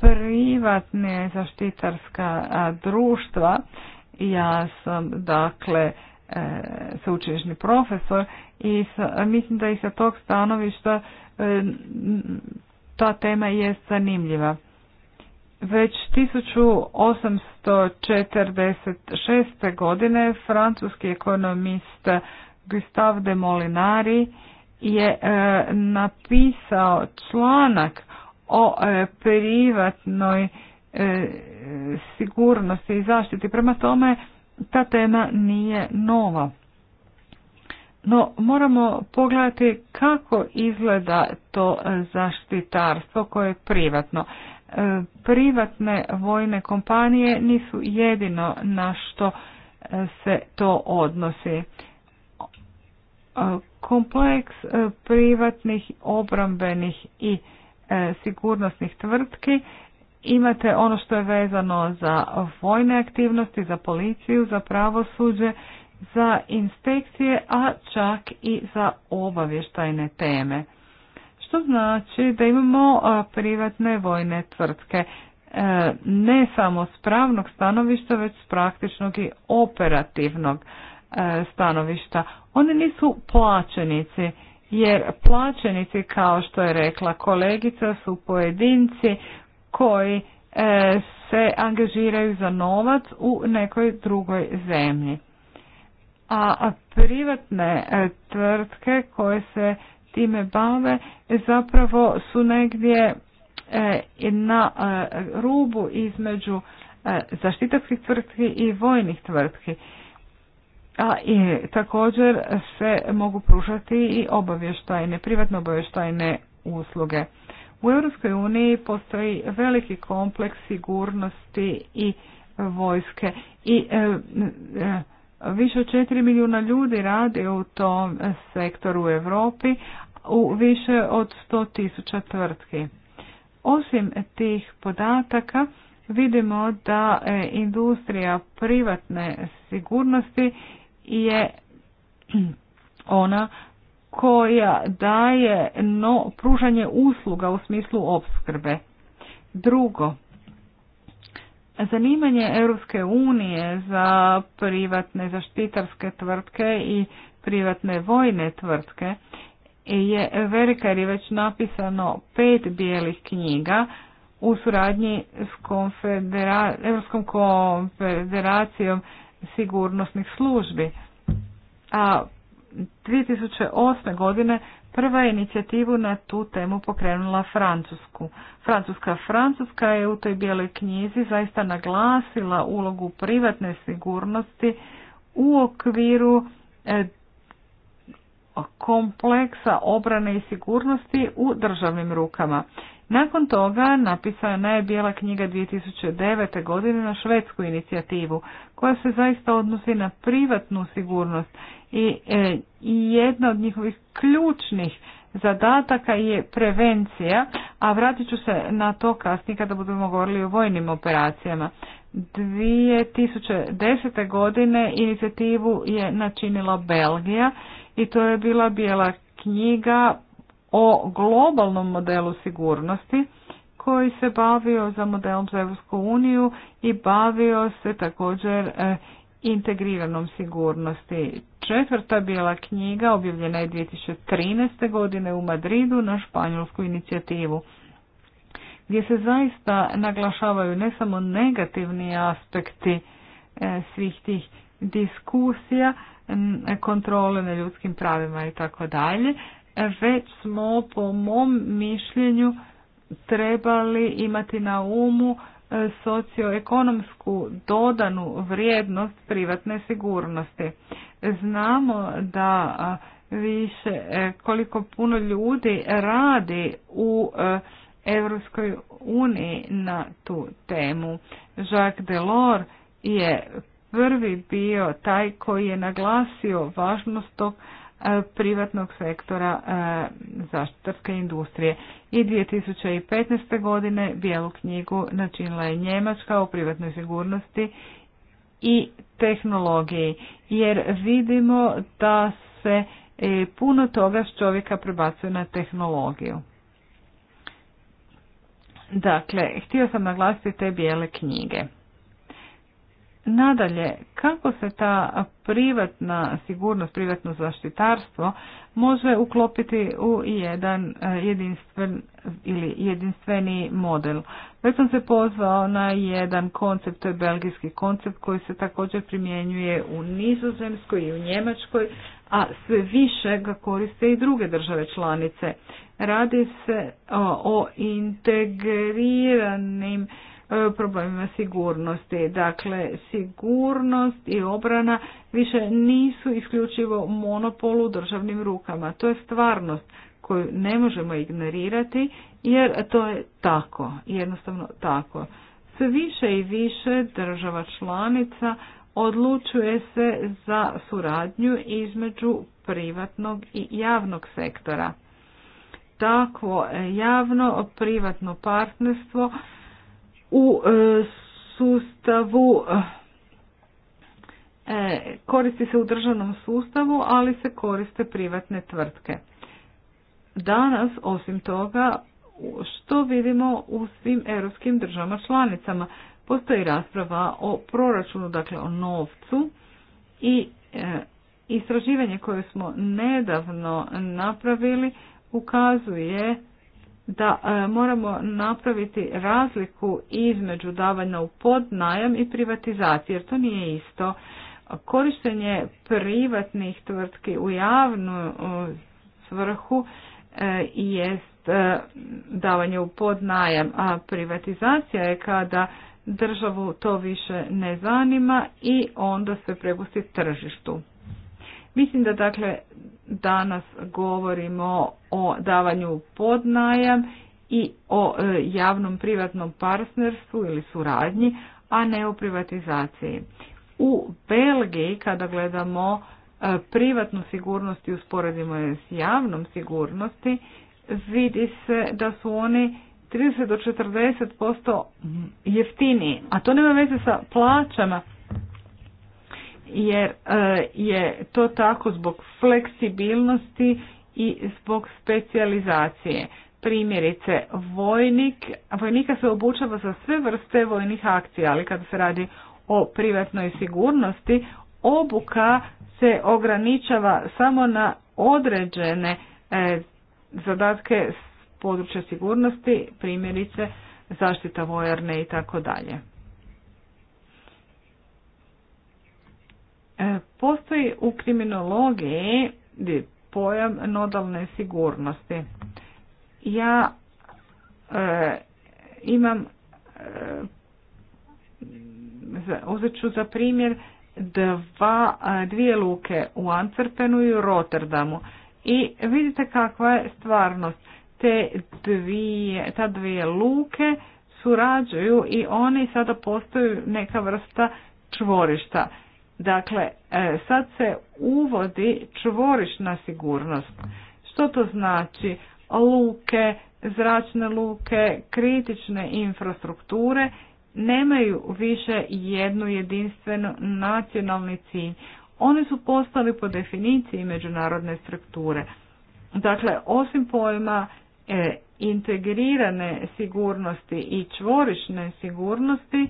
Privatne zaštitarska društva, ja sam dakle e, sveučilišni profesor i mislim da i sa tog stanovišta e, ta tema je zanimljiva. Već 1846. godine francuski ekonomist Gustav de Molinari je e, napisao članak o e, privatnoj e, sigurnosti i zaštiti. Prema tome ta tema nije nova. No, moramo pogledati kako izgleda to zaštitarstvo koje je privatno. Privatne vojne kompanije nisu jedino na što se to odnosi kompleks e, privatnih obrambenih i e, sigurnosnih tvrtki imate ono što je vezano za vojne aktivnosti, za policiju, za pravosuđe, za inspekcije, a čak i za obavještajne teme. Što znači da imamo e, privatne vojne tvrtke, ne samo s pravnog stanovišta, već s praktičnog i operativnog. E, stanovišta. Oni nisu plaćenici, jer plaćenici, kao što je rekla kolegica, su pojedinci koji e, se angažiraju za novac u nekoj drugoj zemlji. A privatne e, tvrtke koje se time bave zapravo su negdje na rubu između zaštitarskih tvrtki i vojnih tvrtki a i također se mogu pružati i obavještajne, privatno obavještajne usluge. U Europskoj uniji postoji veliki kompleks sigurnosti i vojske i e, e, više od 4 milijuna ljudi radi u tom sektoru u Europi u više od 100 tisuća tvrtki. Osim tih podataka vidimo da e, industrija privatne sigurnosti je ona koja daje no pružanje usluga u smislu opskrbe. Drugo, zanimanje Europske unije za privatne zaštitarske tvrtke i privatne vojne tvrtke je velika jer je već napisano pet bijelih knjiga u suradnji s Europskom konfederacijom sigurnosnih službi. A 2008. godine prva inicijativu na tu temu pokrenula Francusku. Francuska Francuska je u toj bijeloj knjizi zaista naglasila ulogu privatne sigurnosti u okviru e, kompleksa obrane i sigurnosti u državnim rukama. Nakon toga napisana je Bijela knjiga 2009. godine na švedsku inicijativu, koja se zaista odnosi na privatnu sigurnost e, i, jedna od njihovih ključnih zadataka je prevencija, a vratit ću se na to kasnije kada budemo govorili o vojnim operacijama. 2010. godine inicijativu je načinila Belgija i to je bila bijela knjiga o globalnom modelu sigurnosti koji se bavio za modelom za Evropsku uniju i bavio se također e, integriranom sigurnosti. Četvrta bila knjiga objavljena je 2013. godine u Madridu na španjolsku inicijativu gdje se zaista naglašavaju ne samo negativni aspekti e, svih tih diskusija, kontrole na ljudskim pravima i tako dalje, već smo po mom mišljenju trebali imati na umu e, socioekonomsku dodanu vrijednost privatne sigurnosti. Znamo da više e, koliko puno ljudi radi u Europskoj uniji na tu temu. Jacques Delors je prvi bio taj koji je naglasio važnost tog privatnog sektora e, zaštitarske industrije. I 2015. godine bijelu knjigu načinila je Njemačka o privatnoj sigurnosti i tehnologiji, jer vidimo da se e, puno toga s čovjeka prebacuje na tehnologiju. Dakle, htio sam naglasiti te bijele knjige. Nadalje, kako se ta privatna sigurnost, privatno zaštitarstvo može uklopiti u jedan e, jedinstven ili jedinstveni model? Već sam se pozvao na jedan koncept, to je belgijski koncept koji se također primjenjuje u Nizozemskoj i u Njemačkoj, a sve više ga koriste i druge države članice. Radi se o, o integriranim E, problemima sigurnosti. Dakle, sigurnost i obrana više nisu isključivo monopolu u državnim rukama. To je stvarnost koju ne možemo ignorirati jer to je tako, jednostavno tako. Sve više i više država članica odlučuje se za suradnju između privatnog i javnog sektora. Takvo javno privatno partnerstvo u e, sustavu e, koristi se u državnom sustavu, ali se koriste privatne tvrtke. Danas, osim toga, što vidimo u svim europskim državama članicama? Postoji rasprava o proračunu, dakle o novcu i e, istraživanje koje smo nedavno napravili ukazuje da e, moramo napraviti razliku između davanja u podnajam i privatizacije, jer to nije isto. Korištenje privatnih tvrtki u javnu svrhu e, jest e, davanje u podnajam, a privatizacija je kada državu to više ne zanima i onda se prepusti tržištu. Mislim da dakle danas govorimo o davanju podnajam i o e, javnom privatnom partnerstvu ili suradnji, a ne o privatizaciji. U Belgiji kada gledamo e, privatnu sigurnost i usporedimo je s javnom sigurnosti, vidi se da su oni 30 do 40% jeftiniji, a to nema veze sa plaćama jer e, je to tako zbog fleksibilnosti i zbog specijalizacije. Primjerice, vojnik, vojnika se obučava za sve vrste vojnih akcija, ali kada se radi o privatnoj sigurnosti, obuka se ograničava samo na određene e, zadatke s područja sigurnosti, primjerice zaštita vojarne i tako dalje. E, postoji u kriminologiji pojam nodalne sigurnosti. Ja e, imam, e, uzet ću za primjer dva, e, dvije luke u Antwerpenu i u Rotterdamu. I vidite kakva je stvarnost. Te dvije, ta dvije luke surađuju i oni sada postaju neka vrsta čvorišta. Dakle, e, sad se uvodi čvorišna sigurnost. Što to znači? Luke, zračne luke, kritične infrastrukture nemaju više jednu jedinstvenu nacionalni cilj. Oni su postali po definiciji međunarodne strukture. Dakle, osim pojma e, integrirane sigurnosti i čvorišne sigurnosti,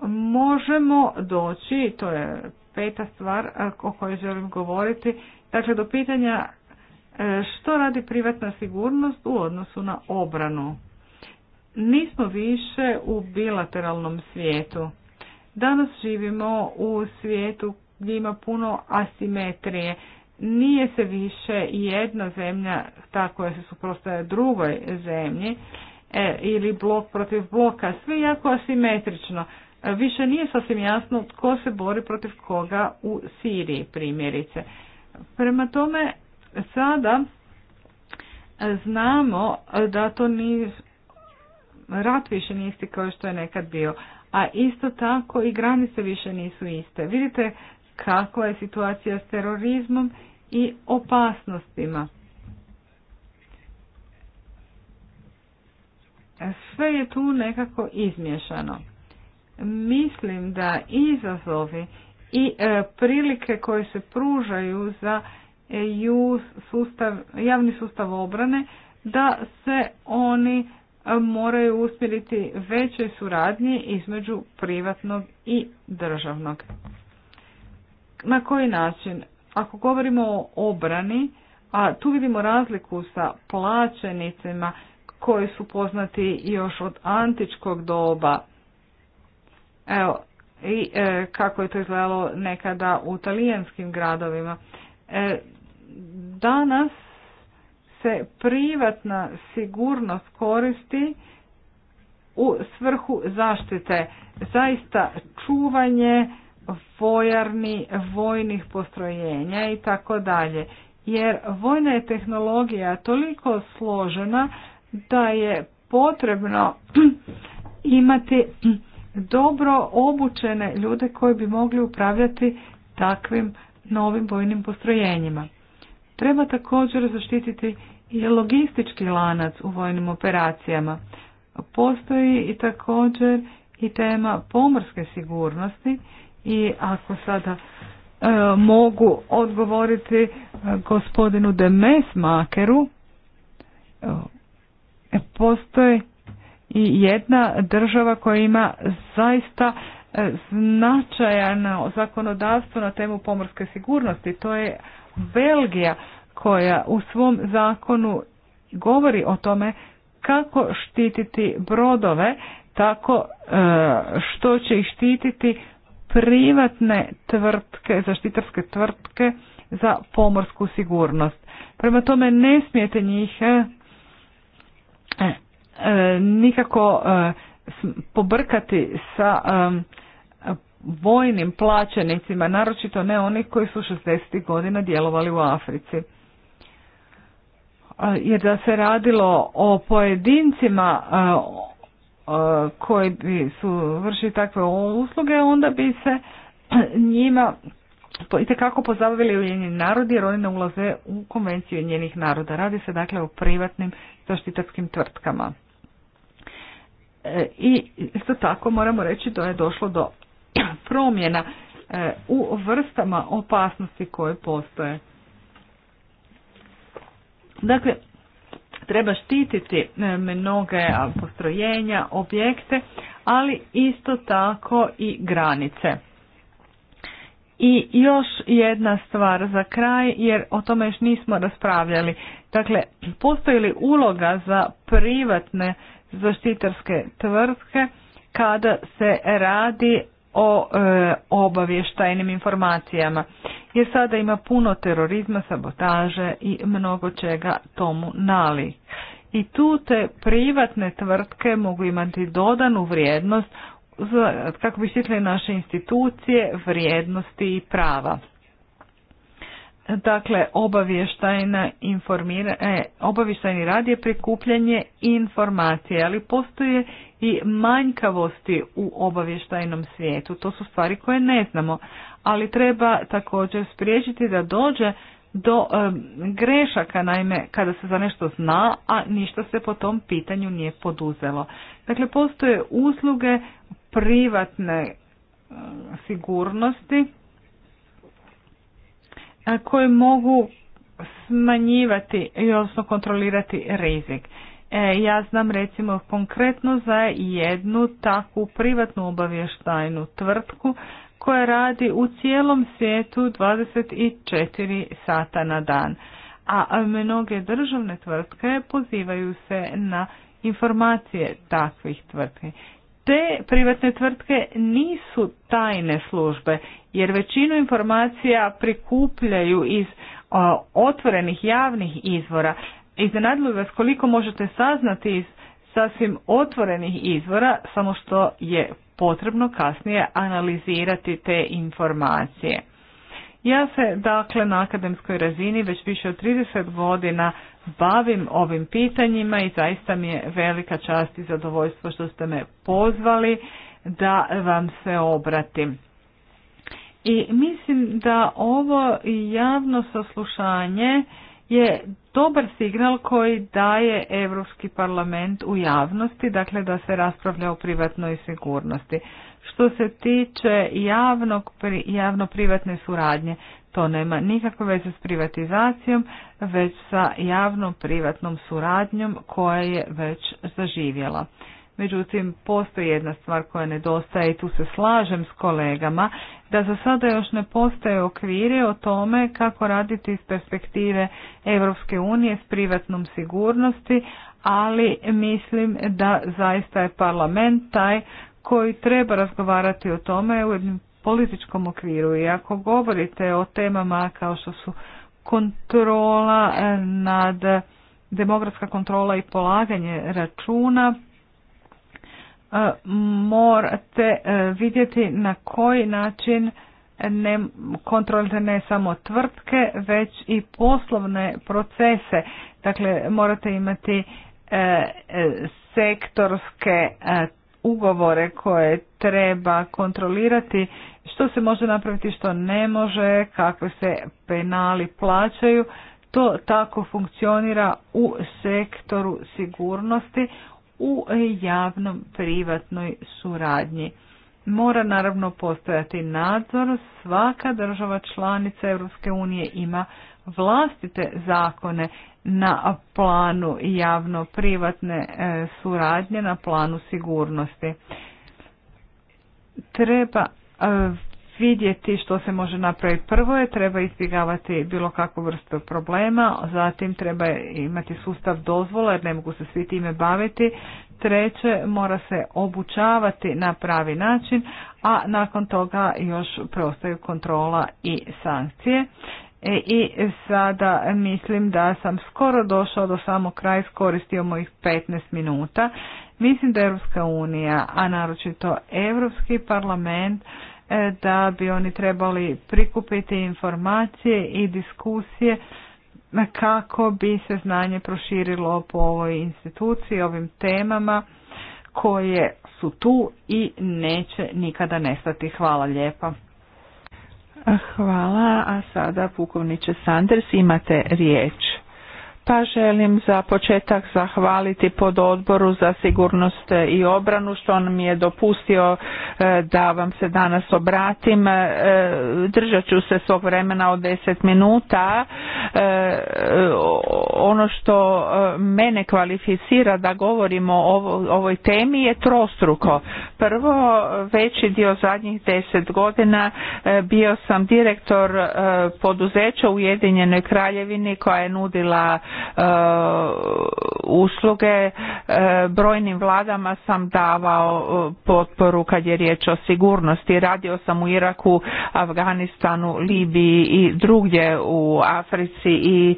možemo doći, to je peta stvar o kojoj želim govoriti, dakle do pitanja e, što radi privatna sigurnost u odnosu na obranu. Nismo više u bilateralnom svijetu. Danas živimo u svijetu gdje ima puno asimetrije. Nije se više jedna zemlja ta koja se suprostaje drugoj zemlji e, ili blok protiv bloka. Sve jako asimetrično više nije sasvim jasno tko se bori protiv koga u Siriji primjerice. Prema tome sada znamo da to ni rat više nije isti kao što je nekad bio, a isto tako i granice više nisu iste. Vidite kakva je situacija s terorizmom i opasnostima. Sve je tu nekako izmješano mislim da izazovi i e, prilike koje se pružaju za e, sustav, javni sustav obrane da se oni e, moraju usmjeriti većoj suradnji između privatnog i državnog. Na koji način? Ako govorimo o obrani, a tu vidimo razliku sa plaćenicima koji su poznati još od antičkog doba, Evo, i e, kako je to izgledalo nekada u talijanskim gradovima. E, danas se privatna sigurnost koristi u svrhu zaštite. Zaista čuvanje vojarni, vojnih postrojenja i tako dalje. Jer vojna je tehnologija toliko složena da je potrebno imati dobro obučene ljude koji bi mogli upravljati takvim novim vojnim postrojenjima. Treba također zaštititi i logistički lanac u vojnim operacijama. Postoji i također i tema pomorske sigurnosti i ako sada e, mogu odgovoriti e, gospodinu Demesmakeru, e, postoji i jedna država koja ima zaista e, značajno zakonodavstvo na temu pomorske sigurnosti. To je Belgija koja u svom zakonu govori o tome kako štititi brodove tako e, što će ih štititi privatne tvrtke, zaštitarske tvrtke za pomorsku sigurnost. Prema tome ne smijete njih e, E, nikako e, pobrkati sa e, vojnim plaćenicima, naročito ne onih koji su 60. godina djelovali u Africi. Jer da se radilo o pojedincima koji bi su vršili takve usluge, onda bi se njima itekako pozabavili njeni narodi jer oni ne ulaze u konvenciju njenih naroda. Radi se dakle o privatnim zaštitarskim tvrtkama. E, I isto tako moramo reći da je došlo do promjena e, u vrstama opasnosti koje postoje. Dakle, treba štititi e, mnoge postrojenja, objekte, ali isto tako i granice. I još jedna stvar za kraj, jer o tome još nismo raspravljali. Dakle, postoji li uloga za privatne zaštitarske tvrtke kada se radi o e, obavještajnim informacijama. Jer sada ima puno terorizma, sabotaže i mnogo čega tomu nali. I tu te privatne tvrtke mogu imati dodanu vrijednost za, kako bi štitili naše institucije, vrijednosti i prava. Dakle, informira, e, obavještajni rad je prikupljanje informacije, ali postoje i manjkavosti u obavještajnom svijetu. To su stvari koje ne znamo, ali treba također spriječiti da dođe do e, grešaka, naime, kada se za nešto zna, a ništa se po tom pitanju nije poduzelo. Dakle, postoje usluge privatne e, sigurnosti, koje mogu smanjivati i odnosno kontrolirati rizik. E, ja znam recimo konkretno za jednu takvu privatnu obavještajnu tvrtku koja radi u cijelom svijetu 24 sata na dan. A mnoge državne tvrtke pozivaju se na informacije takvih tvrtki te privatne tvrtke nisu tajne službe jer većinu informacija prikupljaju iz otvorenih javnih izvora. Iznenadilo vas koliko možete saznati iz sasvim otvorenih izvora, samo što je potrebno kasnije analizirati te informacije. Ja se dakle na akademskoj razini već više od 30 godina bavim ovim pitanjima i zaista mi je velika čast i zadovoljstvo što ste me pozvali da vam se obratim. I mislim da ovo javno saslušanje je dobar signal koji daje Europski parlament u javnosti, dakle da se raspravlja o privatnoj sigurnosti. Što se tiče javno-privatne suradnje, to nema nikakve veze s privatizacijom, već sa javnom privatnom suradnjom koja je već zaživjela. Međutim, postoji jedna stvar koja nedostaje i tu se slažem s kolegama, da za sada još ne postoje okviri o tome kako raditi iz perspektive Europske unije s privatnom sigurnosti, ali mislim da zaista je parlament taj koji treba razgovarati o tome u jednim političkom okviru. I ako govorite o temama kao što su kontrola e, nad demografska kontrola i polaganje računa, e, morate e, vidjeti na koji način ne, kontrolite ne samo tvrtke, već i poslovne procese. Dakle, morate imati sektorske ugovore koje treba kontrolirati, što se može napraviti, što ne može, kakve se penali plaćaju. To tako funkcionira u sektoru sigurnosti u javnom privatnoj suradnji. Mora naravno postojati nadzor, svaka država članica EU ima vlastite zakone na planu javno-privatne e, suradnje, na planu sigurnosti. Treba e, vidjeti što se može napraviti. Prvo je treba izbjegavati bilo kakvu vrstu problema, zatim treba imati sustav dozvola jer ne mogu se svi time baviti. Treće, mora se obučavati na pravi način, a nakon toga još preostaju kontrola i sankcije. E, i sada mislim da sam skoro došao do samog kraja, iskoristio mojih 15 minuta. Mislim da Europska unija, a naročito Europski parlament, e, da bi oni trebali prikupiti informacije i diskusije kako bi se znanje proširilo po ovoj instituciji, ovim temama koje su tu i neće nikada nestati. Hvala lijepa. Hvala, a sada pukovniče Sanders imate riječ pa želim za početak zahvaliti pod odboru za sigurnost i obranu što mi je dopustio e, da vam se danas obratim. E, držat ću se svog vremena od deset minuta. E, ono što mene kvalificira da govorimo o ovoj temi je trostruko. Prvo, veći dio zadnjih deset godina bio sam direktor poduzeća Ujedinjenoj Kraljevini koja je nudila E, usluge. E, brojnim vladama sam davao e, potporu kad je riječ o sigurnosti. Radio sam u Iraku, Afganistanu, Libiji i drugdje u Africi i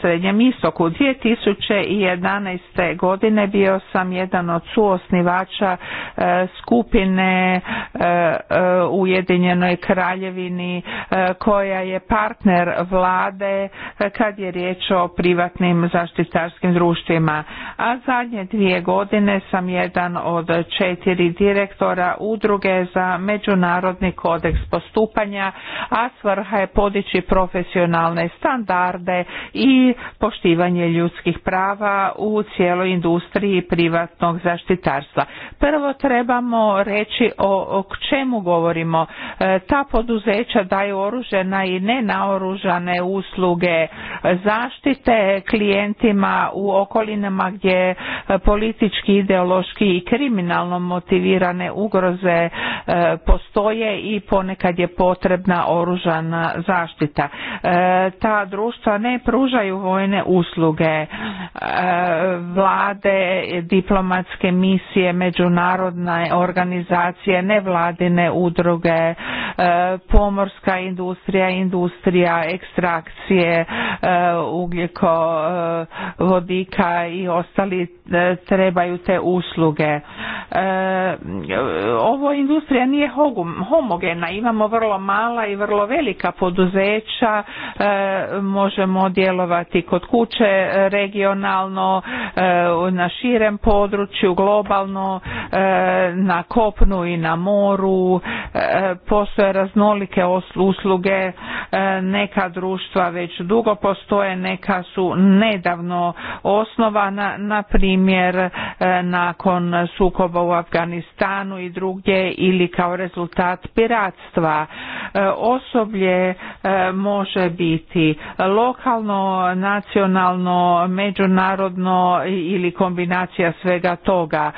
Srednjem istoku. 2011. godine bio sam jedan od suosnivača e, skupine e, e, Ujedinjenoj kraljevini koja je partner vlade kad je riječ o privatnim zaštitarskim društvima. A zadnje dvije godine sam jedan od četiri direktora udruge za međunarodni kodeks postupanja, a svrha je podići profesionalne standarde i poštivanje ljudskih prava u cijeloj industriji privatnog zaštitarstva. Prvo trebamo reći o, čemu govorimo. E, ta poduzeća daju oružena i nenaoružane usluge zaštite klijentima u okolinama gdje politički, ideološki i kriminalno motivirane ugroze e, postoje i ponekad je potrebna oružana zaštita. E, ta društva ne pružaju vojne usluge e, vlade, diplomatske misije, međunarodne organizacije, nevladine udruge, e, pomorska industrija, industrija ekstrakcije e, ugljikovodika i ostali trebaju te usluge. Ovo industrija nije homogena, imamo vrlo mala i vrlo velika poduzeća, možemo djelovati kod kuće e, regionalno, e, na širem području, globalno, e, na kopnu i na moru, postoje raznolike usluge, e, neka društva već dugo postoje, neka su nedavno osnovana, na primjer e, nakon sukoba u Afganistanu i drugdje ili kao rezultat piratstva. E, osoblje može biti lokalno, nacionalno, međunarodno ili kombinacija svega toga.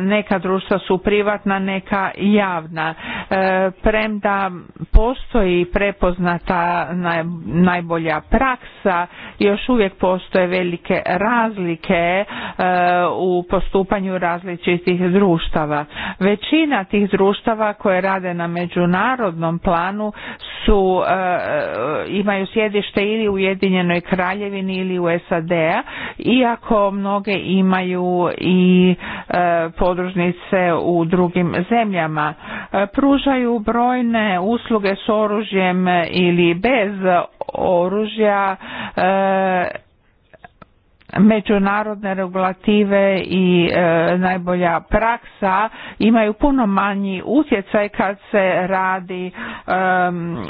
Neka društva su privatna, neka javna E, premda postoji prepoznata najbolja praksa, još uvijek postoje velike razlike e, u postupanju različitih društava. Većina tih društava koje rade na međunarodnom planu su e, imaju sjedište ili u Ujedinjenoj Kraljevini ili u SAD-a, iako mnoge imaju i podružnice u drugim zemljama. E, pružaju brojne usluge s oružjem ili bez oružja e, međunarodne regulative i e, najbolja praksa imaju puno manji utjecaj kad se radi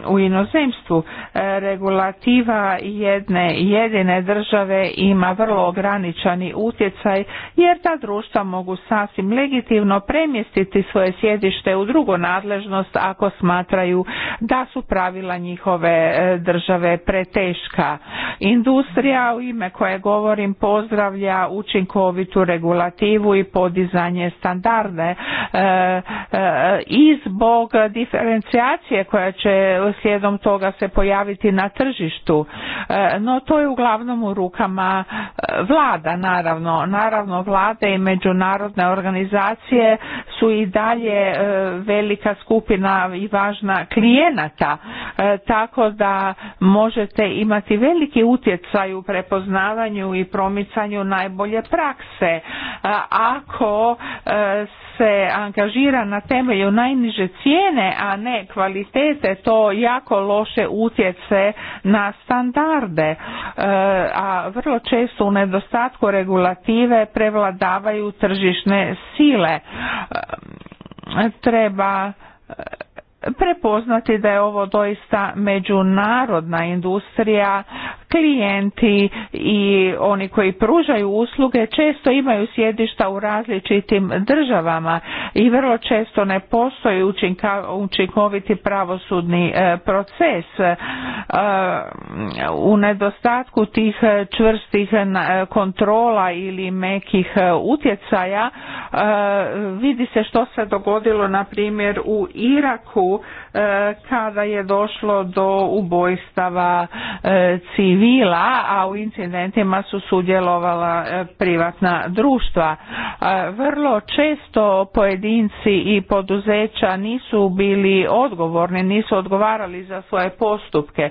u inozemstvu. E, regulativa jedne jedine države ima vrlo ograničani utjecaj jer ta društva mogu sasvim legitimno premjestiti svoje sjedište u drugu nadležnost ako smatraju da su pravila njihove e, države preteška. Industrija u ime koje govorim pozdravlja učinkovitu regulativu i podizanje standarde e, e, i zbog diferencijacije koja će slijedom toga se pojaviti na tržištu. E, no to je uglavnom u rukama vlada naravno. Naravno vlade i međunarodne organizacije su i dalje velika skupina i važna klijenata tako da možete imati veliki utjecaj u prepoznavanju i promicanju najbolje prakse. Ako e, se angažira na temelju najniže cijene, a ne kvalitete, to jako loše utjece na standarde. E, a vrlo često u nedostatku regulative prevladavaju tržišne sile. E, treba prepoznati da je ovo doista međunarodna industrija Klijenti i oni koji pružaju usluge često imaju sjedišta u različitim državama i vrlo često ne postoji učinkoviti pravosudni e, proces. E, u nedostatku tih čvrstih e, kontrola ili mekih utjecaja vidi se što se dogodilo na primjer u Iraku kada je došlo do ubojstava vila a u incidentima su sudjelovala e, privatna društva. E, vrlo često pojedinci i poduzeća nisu bili odgovorni, nisu odgovarali za svoje postupke.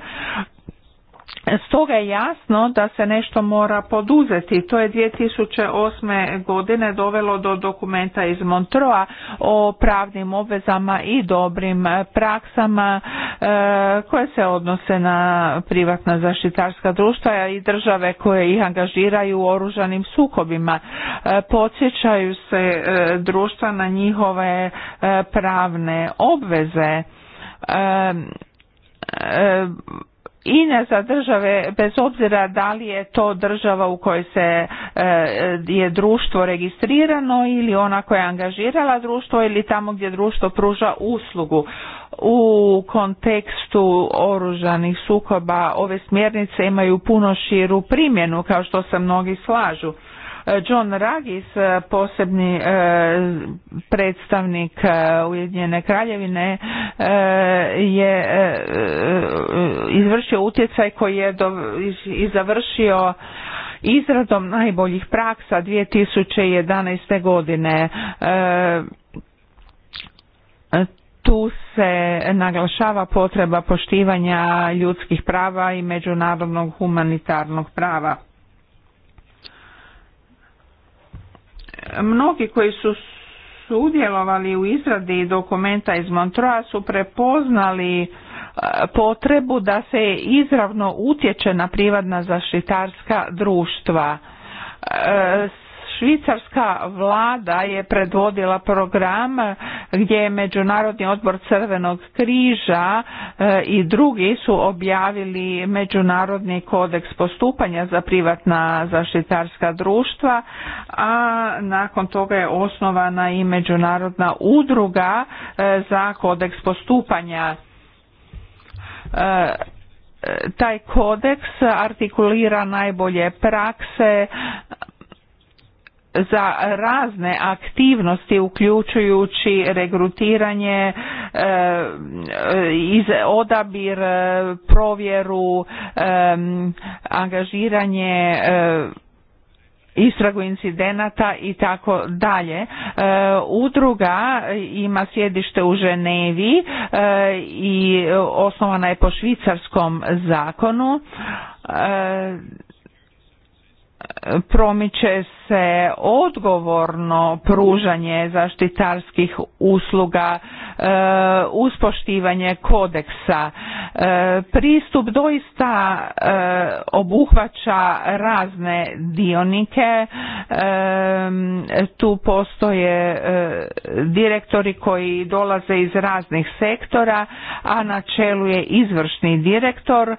Stoga je jasno da se nešto mora poduzeti. To je 2008. godine dovelo do dokumenta iz Montroa o pravnim obvezama i dobrim praksama e, koje se odnose na privatna zaštitarska društva i države koje ih angažiraju u oružanim sukobima. E, podsjećaju se e, društva na njihove pravne obveze INA za države, bez obzira da li je to država u kojoj se e, je društvo registrirano ili ona koja je angažirala društvo ili tamo gdje društvo pruža uslugu. U kontekstu oružanih sukoba ove smjernice imaju puno širu primjenu kao što se mnogi slažu John Ragis, e, posebni e, predstavnik e, Ujedinjene kraljevine, je izvršio utjecaj koji je i završio izradom najboljih praksa 2011. godine. Tu se naglašava potreba poštivanja ljudskih prava i međunarodnog humanitarnog prava. mnogi koji su sudjelovali u izradi dokumenta iz Montroa su prepoznali e, potrebu da se izravno utječe na privadna zaštitarska društva. E, Švicarska vlada je predvodila program gdje je Međunarodni odbor Crvenog križa e, i drugi su objavili Međunarodni kodeks postupanja za privatna zaštitarska društva, a nakon toga je osnovana i Međunarodna udruga e, za kodeks postupanja e, taj kodeks artikulira najbolje prakse za razne aktivnosti uključujući regrutiranje e, odabir e, provjeru e, angažiranje istragu incidenata i tako dalje. Udruga ima sjedište u Ženevi i osnovana je po švicarskom zakonu. Promiče se odgovorno pružanje zaštitarskih usluga e, uspoštivanje kodeksa. E, pristup doista e, obuhvaća razne dionike. Tu postoje direktori koji dolaze iz raznih sektora, a na čelu je izvršni direktor.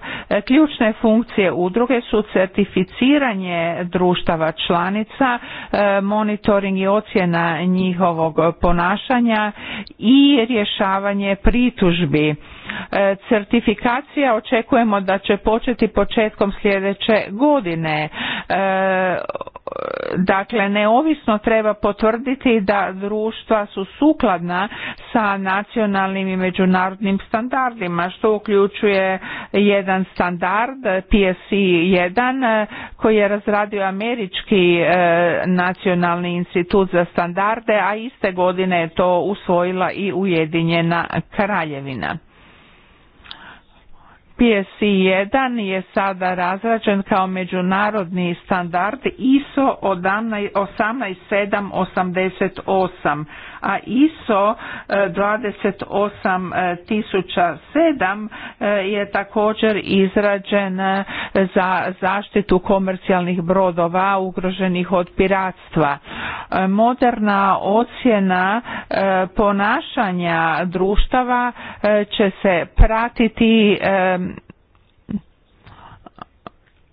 Ključne funkcije udruge su certificiranje društava članica E, monitoring i ocjena njihovog ponašanja i rješavanje pritužbi. E, certifikacija očekujemo da će početi početkom sljedeće godine. E, dakle neovisno treba potvrditi da društva su sukladna sa nacionalnim i međunarodnim standardima što uključuje jedan standard PSC1 koji je razradio američki e, nacionalni institut za standarde a iste godine je to usvojila i Ujedinjena Kraljevina PSI1 je sada razrađen kao međunarodni standard ISO 18788 a ISO 28007 e, e, je također izrađen e, za zaštitu komercijalnih brodova ugroženih od piratstva. Moderna ocjena ponašanja društava će se pratiti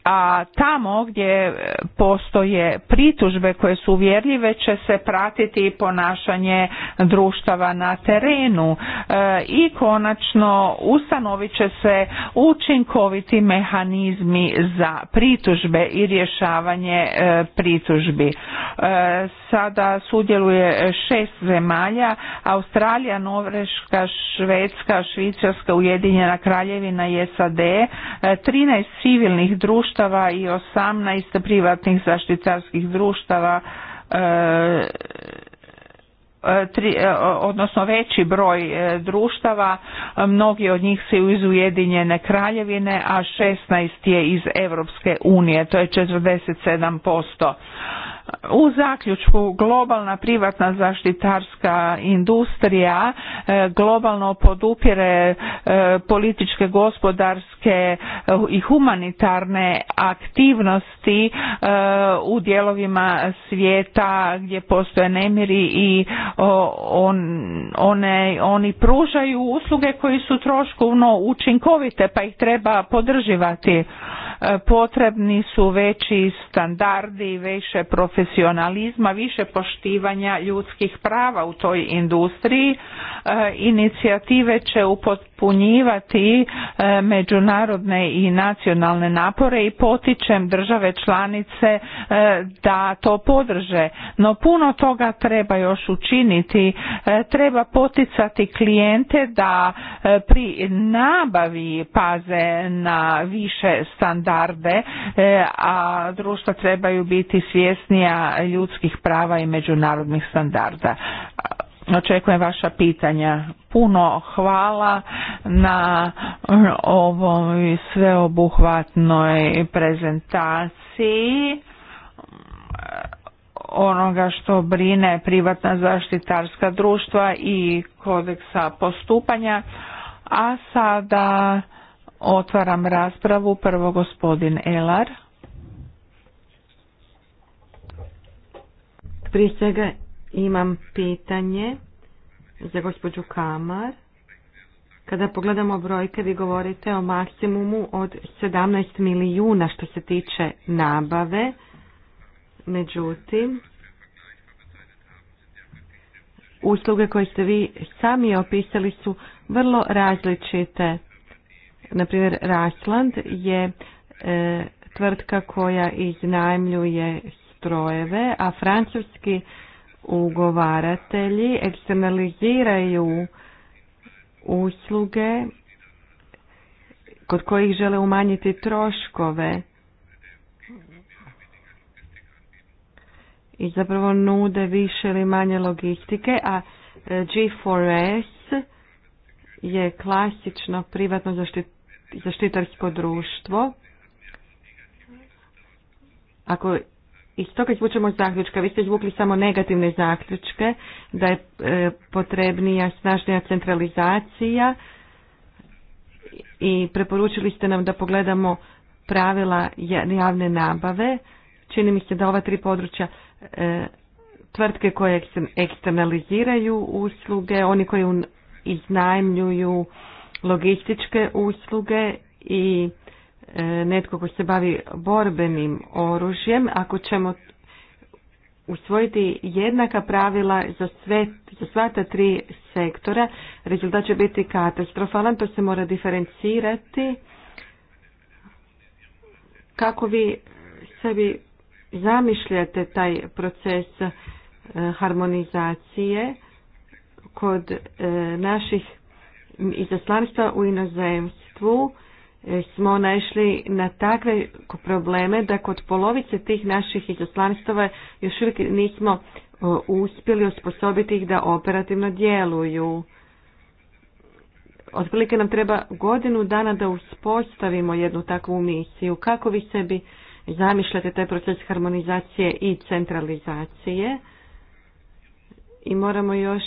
a tamo gdje e, postoje pritužbe koje su uvjerljive će se pratiti ponašanje društava na terenu e, i konačno ustanovit će se učinkoviti mehanizmi za pritužbe i rješavanje e, pritužbi. Sada sudjeluje šest zemalja, Australija, Norveška, Švedska, Švicarska, Ujedinjena Kraljevina i SAD, 13 civilnih društva društava i 18 privatnih zaštitarskih društava e, e, Tri, e, odnosno veći broj društava, mnogi od njih su iz Ujedinjene kraljevine, a 16 je iz Europske unije, to je 47%. U zaključku globalna privatna zaštitarska industrija e, globalno podupire e, političke, gospodarske e, i humanitarne aktivnosti u dijelovima svijeta gdje postoje nemiri i one, oni pružaju usluge koji su troškovno učinkovite pa ih treba podrživati. E, potrebni su veći standardi, više profesionalizma, više poštivanja ljudskih prava u toj industriji. E, inicijative će upotpunjivati e, međunarodne i nacionalne napore i potičem države članice da to podrže. No puno toga treba još učiniti. Treba poticati klijente da pri nabavi paze na više standarda standarde, e, a društva trebaju biti svjesnija ljudskih prava i međunarodnih standarda. Očekujem vaša pitanja. Puno hvala na ovoj sveobuhvatnoj prezentaciji onoga što brine privatna zaštitarska društva i kodeksa postupanja. A sada Otvaram raspravu. Prvo gospodin Elar. Prije svega imam pitanje za gospođu Kamar. Kada pogledamo brojke, vi govorite o maksimumu od 17 milijuna što se tiče nabave. Međutim, usluge koje ste vi sami opisali su vrlo različite primjer Rasland je e, tvrtka koja iznajmljuje strojeve, a francuski ugovaratelji eksternaliziraju usluge kod kojih žele umanjiti troškove i zapravo nude više ili manje logistike, a e, G4S je klasično privatno zaštit, zaštitarsko društvo, ako iz toga izvučemo zaključka, vi ste izvukli samo negativne zaključke, da je e, potrebnija snažnija centralizacija i preporučili ste nam da pogledamo pravila javne nabave. Čini mi se da ova tri područja e, tvrtke koje eksternaliziraju usluge, oni koji iznajmljuju logističke usluge i e, netko ko se bavi borbenim oružjem, ako ćemo usvojiti jednaka pravila za, sve, za sva ta tri sektora, rezultat će biti katastrofalan, to se mora diferencirati kako vi sebi zamišljate taj proces e, harmonizacije kod e, naših izaslanstva u inozemstvu e, smo našli na takve probleme da kod polovice tih naših izaslanstava još uvijek nismo e, uspjeli osposobiti ih da operativno djeluju. Otprilike nam treba godinu dana da uspostavimo jednu takvu misiju. Kako vi sebi zamišljate taj proces harmonizacije i centralizacije? I moramo još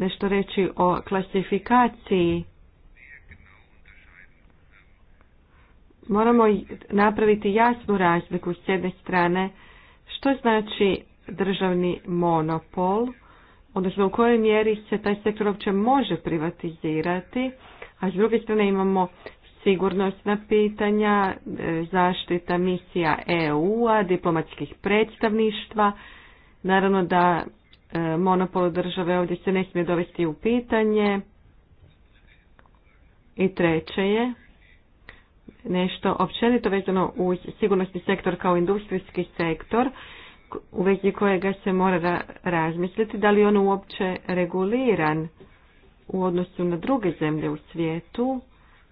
nešto reći o klasifikaciji. Moramo napraviti jasnu razliku s jedne strane što znači državni monopol, odnosno u kojoj mjeri se taj sektor uopće može privatizirati, a s druge strane imamo sigurnosna pitanja, e, zaštita misija EU-a, diplomatskih predstavništva. Naravno da monopol države ovdje se ne smije dovesti u pitanje. I treće je nešto općenito vezano u sigurnosni sektor kao industrijski sektor u vezi kojega se mora razmisliti da li on uopće reguliran u odnosu na druge zemlje u svijetu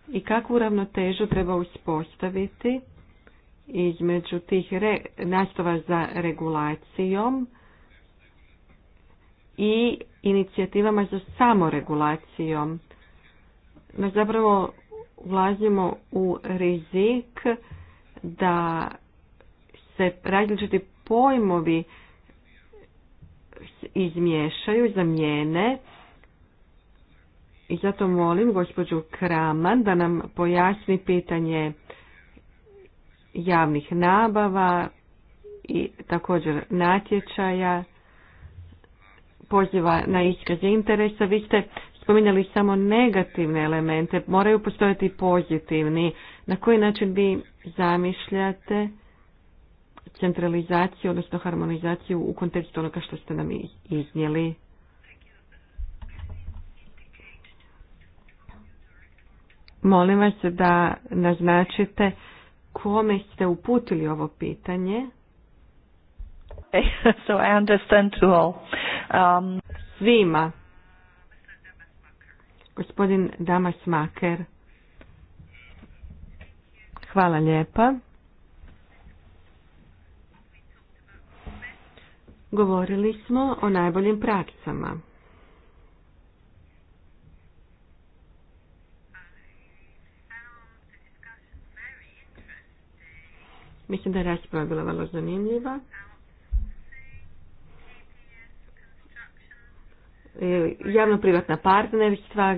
i kakvu ravnotežu treba uspostaviti između tih re, nastava za regulacijom i inicijativama za samoregulacijom. No, zapravo ulazimo u rizik da se različiti pojmovi izmiješaju, zamijene. I zato molim gospođu Kraman da nam pojasni pitanje javnih nabava i također natječaja poziva na iskaz interesa. Vi ste spominjali samo negativne elemente, moraju postojati pozitivni. Na koji način vi zamišljate centralizaciju, odnosno harmonizaciju u kontekstu onoga što ste nam iznijeli? Molim vas da naznačite kome ste uputili ovo pitanje. Okay, so I understand to all. Um... Svima. Gospodin Damas Maker. Hvala lijepa. Govorili smo o najboljim praksama. Mislim da je rasprava bila vrlo zanimljiva. javno-privatna partnerstva,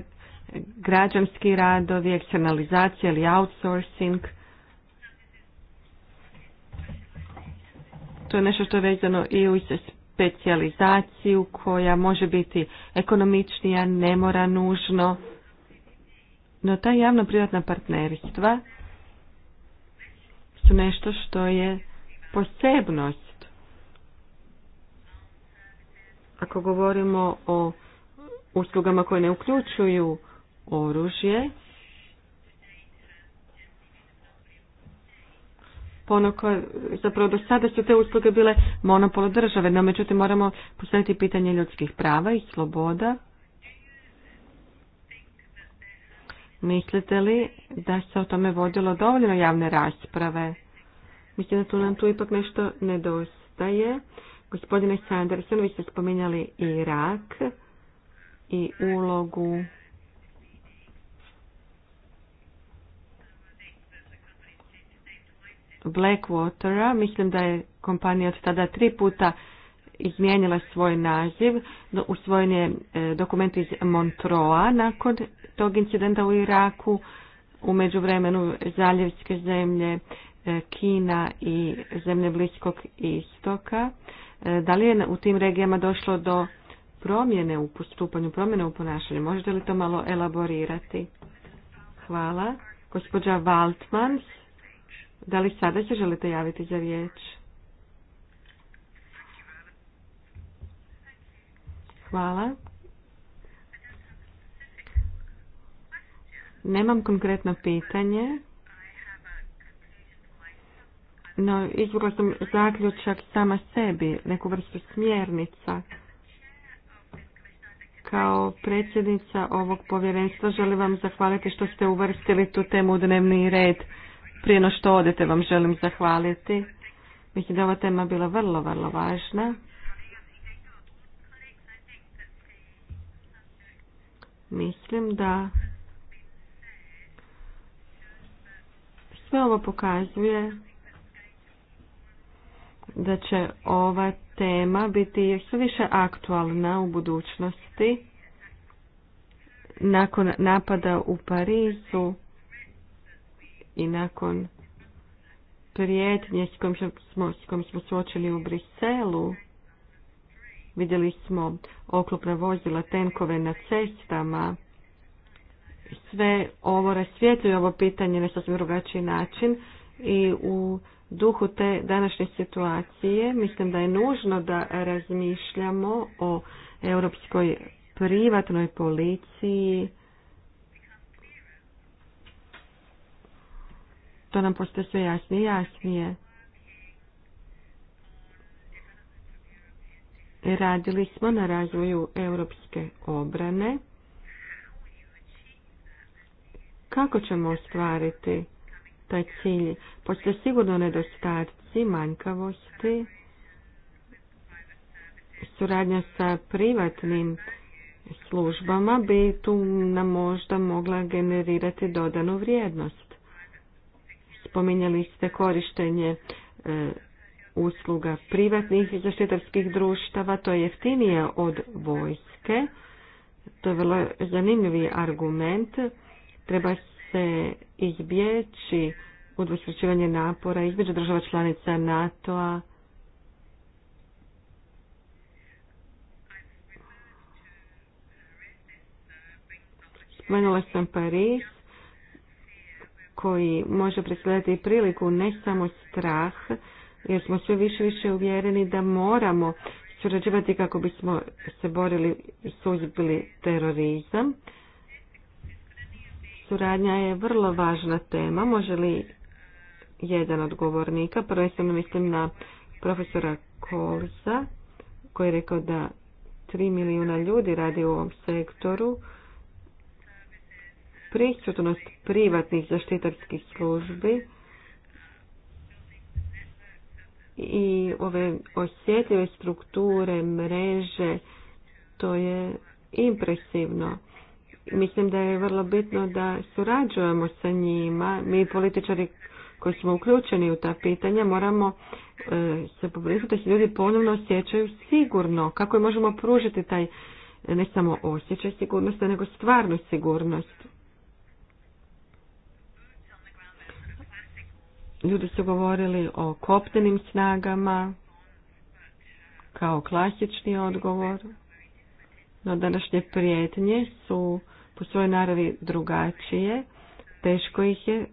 građanski radovi, eksternalizacija ili outsourcing. To je nešto što je vezano i uz specijalizaciju koja može biti ekonomičnija, ne mora nužno. No ta javno-privatna partnerstva su nešto što je posebnost Ako govorimo o uslugama koje ne uključuju oružje, ponako, zapravo do sada su te usluge bile monopolo države, no međutim moramo postaviti pitanje ljudskih prava i sloboda. Mislite li da se o tome vodilo dovoljno javne rasprave? Mislim da tu nam tu ipak nešto nedostaje. Gospodine Sanderson, vi ste spominjali Irak i ulogu Blackwatera. Mislim da je kompanija od tada tri puta izmijenila svoj naziv. Usvojen je e, dokument iz Montroa nakon tog incidenta u Iraku. U međuvremenu zaljevske zemlje e, Kina i zemlje Bliskog istoka E, da li je u tim regijama došlo do promjene u postupanju, promjene u ponašanju? Možete li to malo elaborirati? Hvala. Gospođa Valtmans, da li sada se želite javiti za riječ? Hvala. Nemam konkretno pitanje. No, izvukla sam zaključak sama sebi, neku vrstu smjernica. Kao predsjednica ovog povjerenstva želim vam zahvaliti što ste uvrstili tu temu u dnevni red. Prije no što odete vam želim zahvaliti. Mislim da ova tema bila vrlo, vrlo važna. Mislim da sve ovo pokazuje da će ova tema biti još više aktualna u budućnosti nakon napada u Parizu i nakon prijetnje s kojom smo, s kojom smo suočili u Briselu vidjeli smo oklopna vozila, tenkove na cestama sve ovo rasvjetuje ovo pitanje na sasvim drugačiji način i u duhu te današnje situacije mislim da je nužno da razmišljamo o europskoj privatnoj policiji. To nam postoje sve jasnije i jasnije. Radili smo na razvoju europske obrane. Kako ćemo ostvariti taj cilj. Postoje sigurno nedostatci, manjkavosti, suradnja sa privatnim službama bi tu nam možda mogla generirati dodanu vrijednost. Spominjali ste korištenje e, usluga privatnih zaštitarskih društava, to je jeftinije od vojske. To je vrlo zanimljivi argument. Treba se izbjeći udvostručivanje napora između država članica NATO-a Spomenula sam Paris koji može predstavljati priliku ne samo strah jer smo sve više više uvjereni da moramo surađivati kako bismo se borili suzbili terorizam. Suradnja je vrlo važna tema. Može li jedan od govornika, prvenstveno mislim na profesora Kolza, koji je rekao da 3 milijuna ljudi radi u ovom sektoru, prisutnost privatnih zaštitarskih službi i ove osjetljive strukture, mreže, to je impresivno. Mislim da je vrlo bitno da surađujemo sa njima. Mi političari koji smo uključeni u ta pitanja moramo e, se pobrinuti da se ljudi ponovno osjećaju sigurno. Kako možemo pružiti taj ne samo osjećaj sigurnosti, nego stvarnu sigurnost. Ljudi su govorili o koptenim snagama kao klasični odgovor. No današnje prijetnje su po svojoj naravi drugačije, teško ih je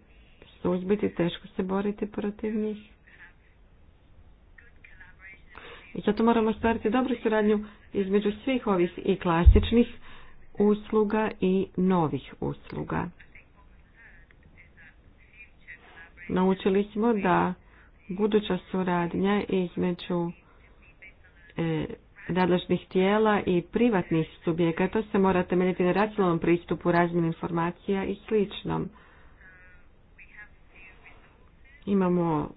suzbiti, teško se boriti protiv njih. I zato moramo stvariti dobru suradnju između svih ovih i klasičnih usluga i novih usluga. Naučili smo da buduća suradnja između e, nadležnih tijela i privatnih subjekata se mora temeljiti na racionalnom pristupu razmjeni informacija i sličnom. Imamo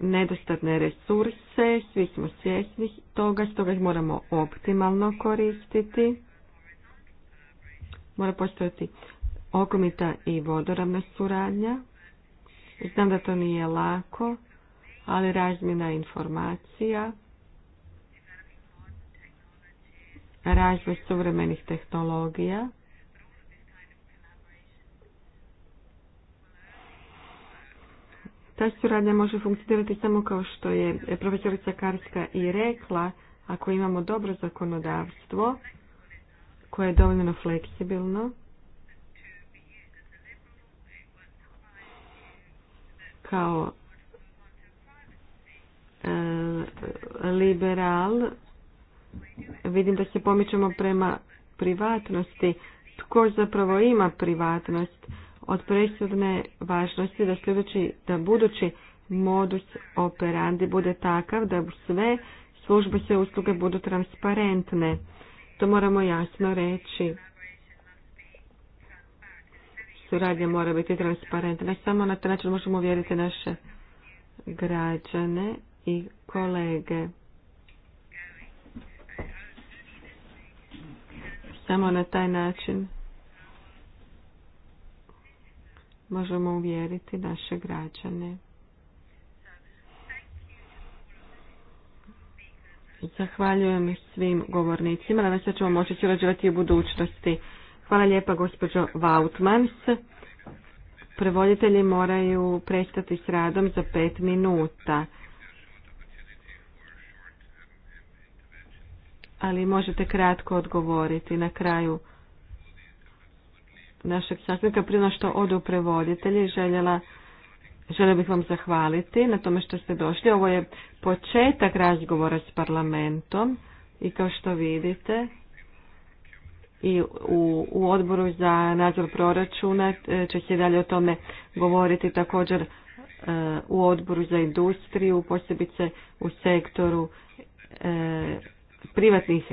nedostatne resurse, svi smo svjesni toga, stoga ih moramo optimalno koristiti. Mora postojati okomita i vodoravna suradnja. Znam da to nije lako, ali razmjena informacija razvoj suvremenih tehnologija. Ta suradnja može funkcionirati samo kao što je profesorica Karska i rekla, ako imamo dobro zakonodavstvo koje je dovoljno fleksibilno, kao e, liberal Vidim da se pomičemo prema privatnosti. Tko zapravo ima privatnost? Od presudne važnosti da sljedeći, da budući modus operandi bude takav da sve službe, sve usluge budu transparentne. To moramo jasno reći. Suradnja mora biti transparentna. Samo na taj način možemo uvjeriti naše građane i kolege. Samo na taj način možemo uvjeriti naše građane. Zahvaljujem svim govornicima. Nadam se ćemo moći surađivati u budućnosti. Hvala lijepa gospođo Vautmans. Prevoditelji moraju prestati s radom za pet minuta. ali možete kratko odgovoriti na kraju našeg sastanka. Prije što odu prevoditelji, željela žele bih vam zahvaliti na tome što ste došli. Ovo je početak razgovora s parlamentom i kao što vidite i u, u odboru za nadzor proračuna e, će se dalje o tome govoriti također e, u odboru za industriju, posebice u sektoru e, privatnih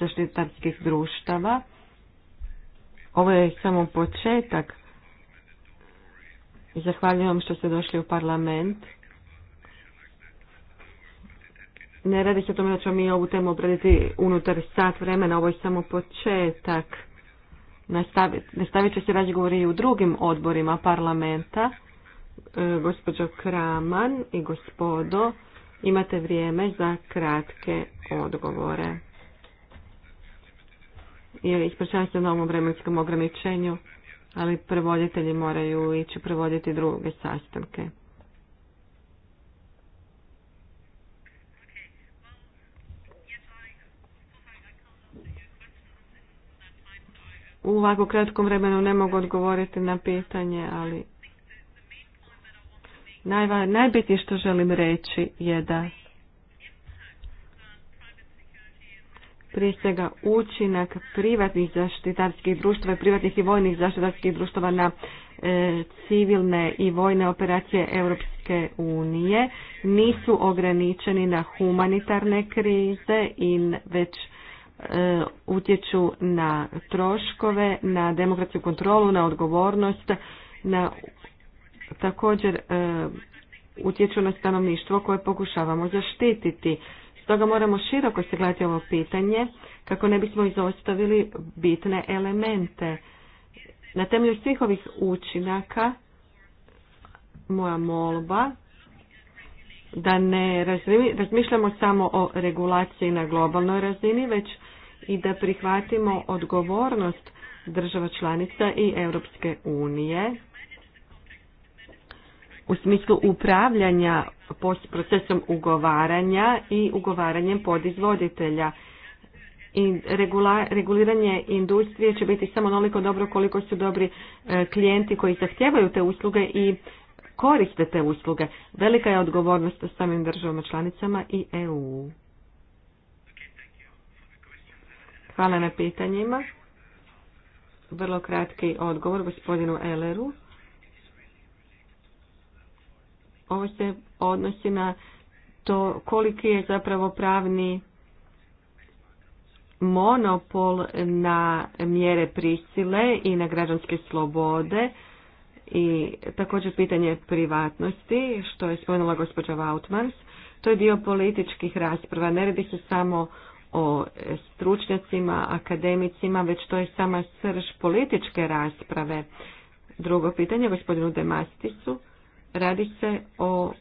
zaštitarskih društava. Ovo je samo početak. Zahvaljujem što ste došli u parlament. Ne radi se o tome da ćemo mi ovu temu obraditi unutar sat vremena, ovo je samo početak. Nastavit, će se razgovori i u drugim odborima parlamenta. E, gospođo Kraman i gospodo, imate vrijeme za kratke odgovore. I ispričavam se na ovom vremenskom ograničenju, ali prevoditelji moraju ići prevoditi druge sastanke. U ovako kratkom vremenu ne mogu odgovoriti na pitanje, ali Najva, najbitnije što želim reći je da prije svega učinak privatnih zaštitarskih društava, privatnih i vojnih zaštitarskih društava na e, civilne i vojne operacije Europske unije nisu ograničeni na humanitarne krize i već e, utječu na troškove, na demokratsku kontrolu, na odgovornost, na također e, utječu na stanovništvo koje pokušavamo zaštititi. Stoga moramo široko se gledati ovo pitanje kako ne bismo izostavili bitne elemente. Na temelju svih ovih učinaka moja molba da ne razmišljamo samo o regulaciji na globalnoj razini, već i da prihvatimo odgovornost država članica i Europske unije u smislu upravljanja procesom ugovaranja i ugovaranjem podizvoditelja. I reguliranje industrije će biti samo onoliko dobro koliko su dobri e, klijenti koji zahtijevaju te usluge i koriste te usluge. Velika je odgovornost samim državama članicama i EU. Hvala na pitanjima. Vrlo kratki odgovor gospodinu Elleru. Ovo se odnosi na to koliki je zapravo pravni monopol na mjere prisile i na građanske slobode i također pitanje privatnosti, što je spomenula gospođa Vautmans. To je dio političkih rasprava. Ne radi se samo o stručnjacima, akademicima, već to je sama srž političke rasprave. Drugo pitanje, gospodinu Demasticu, Radi se o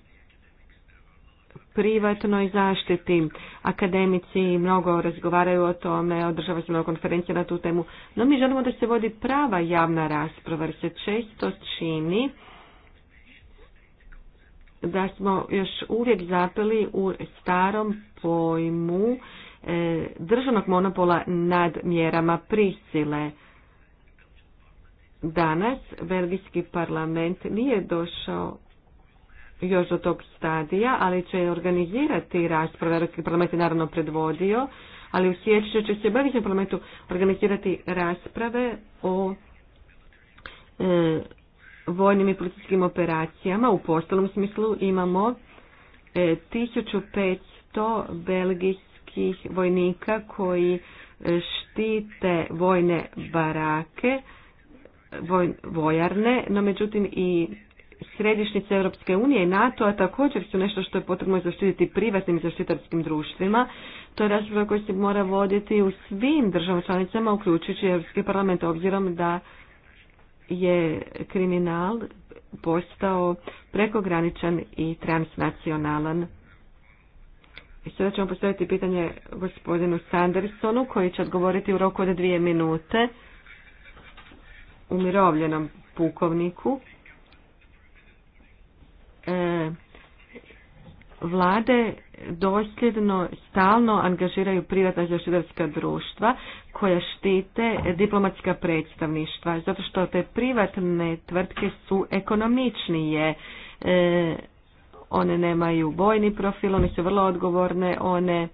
privatnoj zaštiti. Akademici mnogo razgovaraju o tome, održava se mnogo konferencija na tu temu, no mi želimo da se vodi prava javna rasprava, jer se često čini da smo još uvijek zapeli u starom pojmu e, državnog monopola nad mjerama prisile. Danas Belgijski parlament nije došao još do tog stadija, ali će organizirati rasprave. Belgijski parlament je naravno predvodio, ali u sjeću će se u Belgijskom parlamentu organizirati rasprave o e, vojnim i političkim operacijama. U postalom smislu imamo e, 1500 belgijskih vojnika koji e, štite vojne barake vojarne, no međutim i središnjice Europske unije i NATO, a također su nešto što je potrebno zaštititi privatnim zaštitarskim društvima. To je rasprava koja se mora voditi u svim državama članicama, uključujući Europski parlament, obzirom da je kriminal postao prekograničan i transnacionalan. I sada ćemo postaviti pitanje gospodinu Sandersonu koji će odgovoriti u roku od dvije minute umirovljenom pukovniku. E, vlade dosljedno stalno angažiraju privatna zaštitarska društva koja štite diplomatska predstavništva zato što te privatne tvrtke su ekonomičnije e, one nemaju bojni profil, one su vrlo odgovorne, one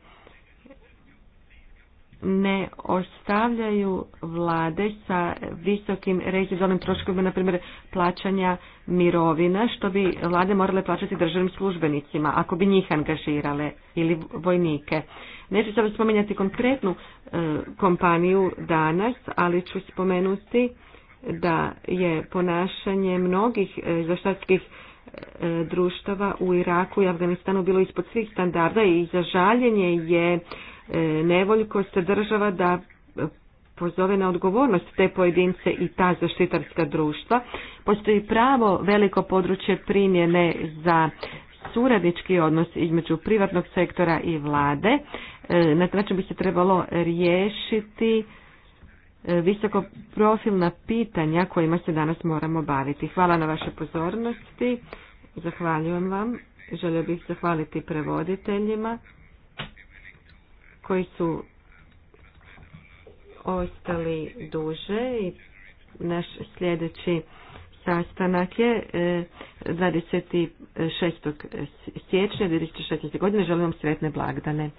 ne ostavljaju vlade sa visokim rezidualnim troškovima, na primjer plaćanja mirovina, što bi vlade morale plaćati državnim službenicima, ako bi njih angažirale ili vojnike. Neću sada spominjati konkretnu e, kompaniju danas, ali ću spomenuti da je ponašanje mnogih e, zaštatskih e, društava u Iraku i Afganistanu bilo ispod svih standarda i zažaljenje je se država da pozove na odgovornost te pojedince i ta zaštitarska društva. Postoji pravo veliko područje primjene za suradnički odnos između privatnog sektora i vlade. E, na taj način bi se trebalo riješiti e, visoko profilna pitanja kojima se danas moramo baviti. Hvala na vašoj pozornosti. Zahvaljujem vam. Želio bih zahvaliti prevoditeljima koji su ostali duže i naš sljedeći sastanak je 26. E, siječnja 2016. godine. Želim vam sretne blagdane.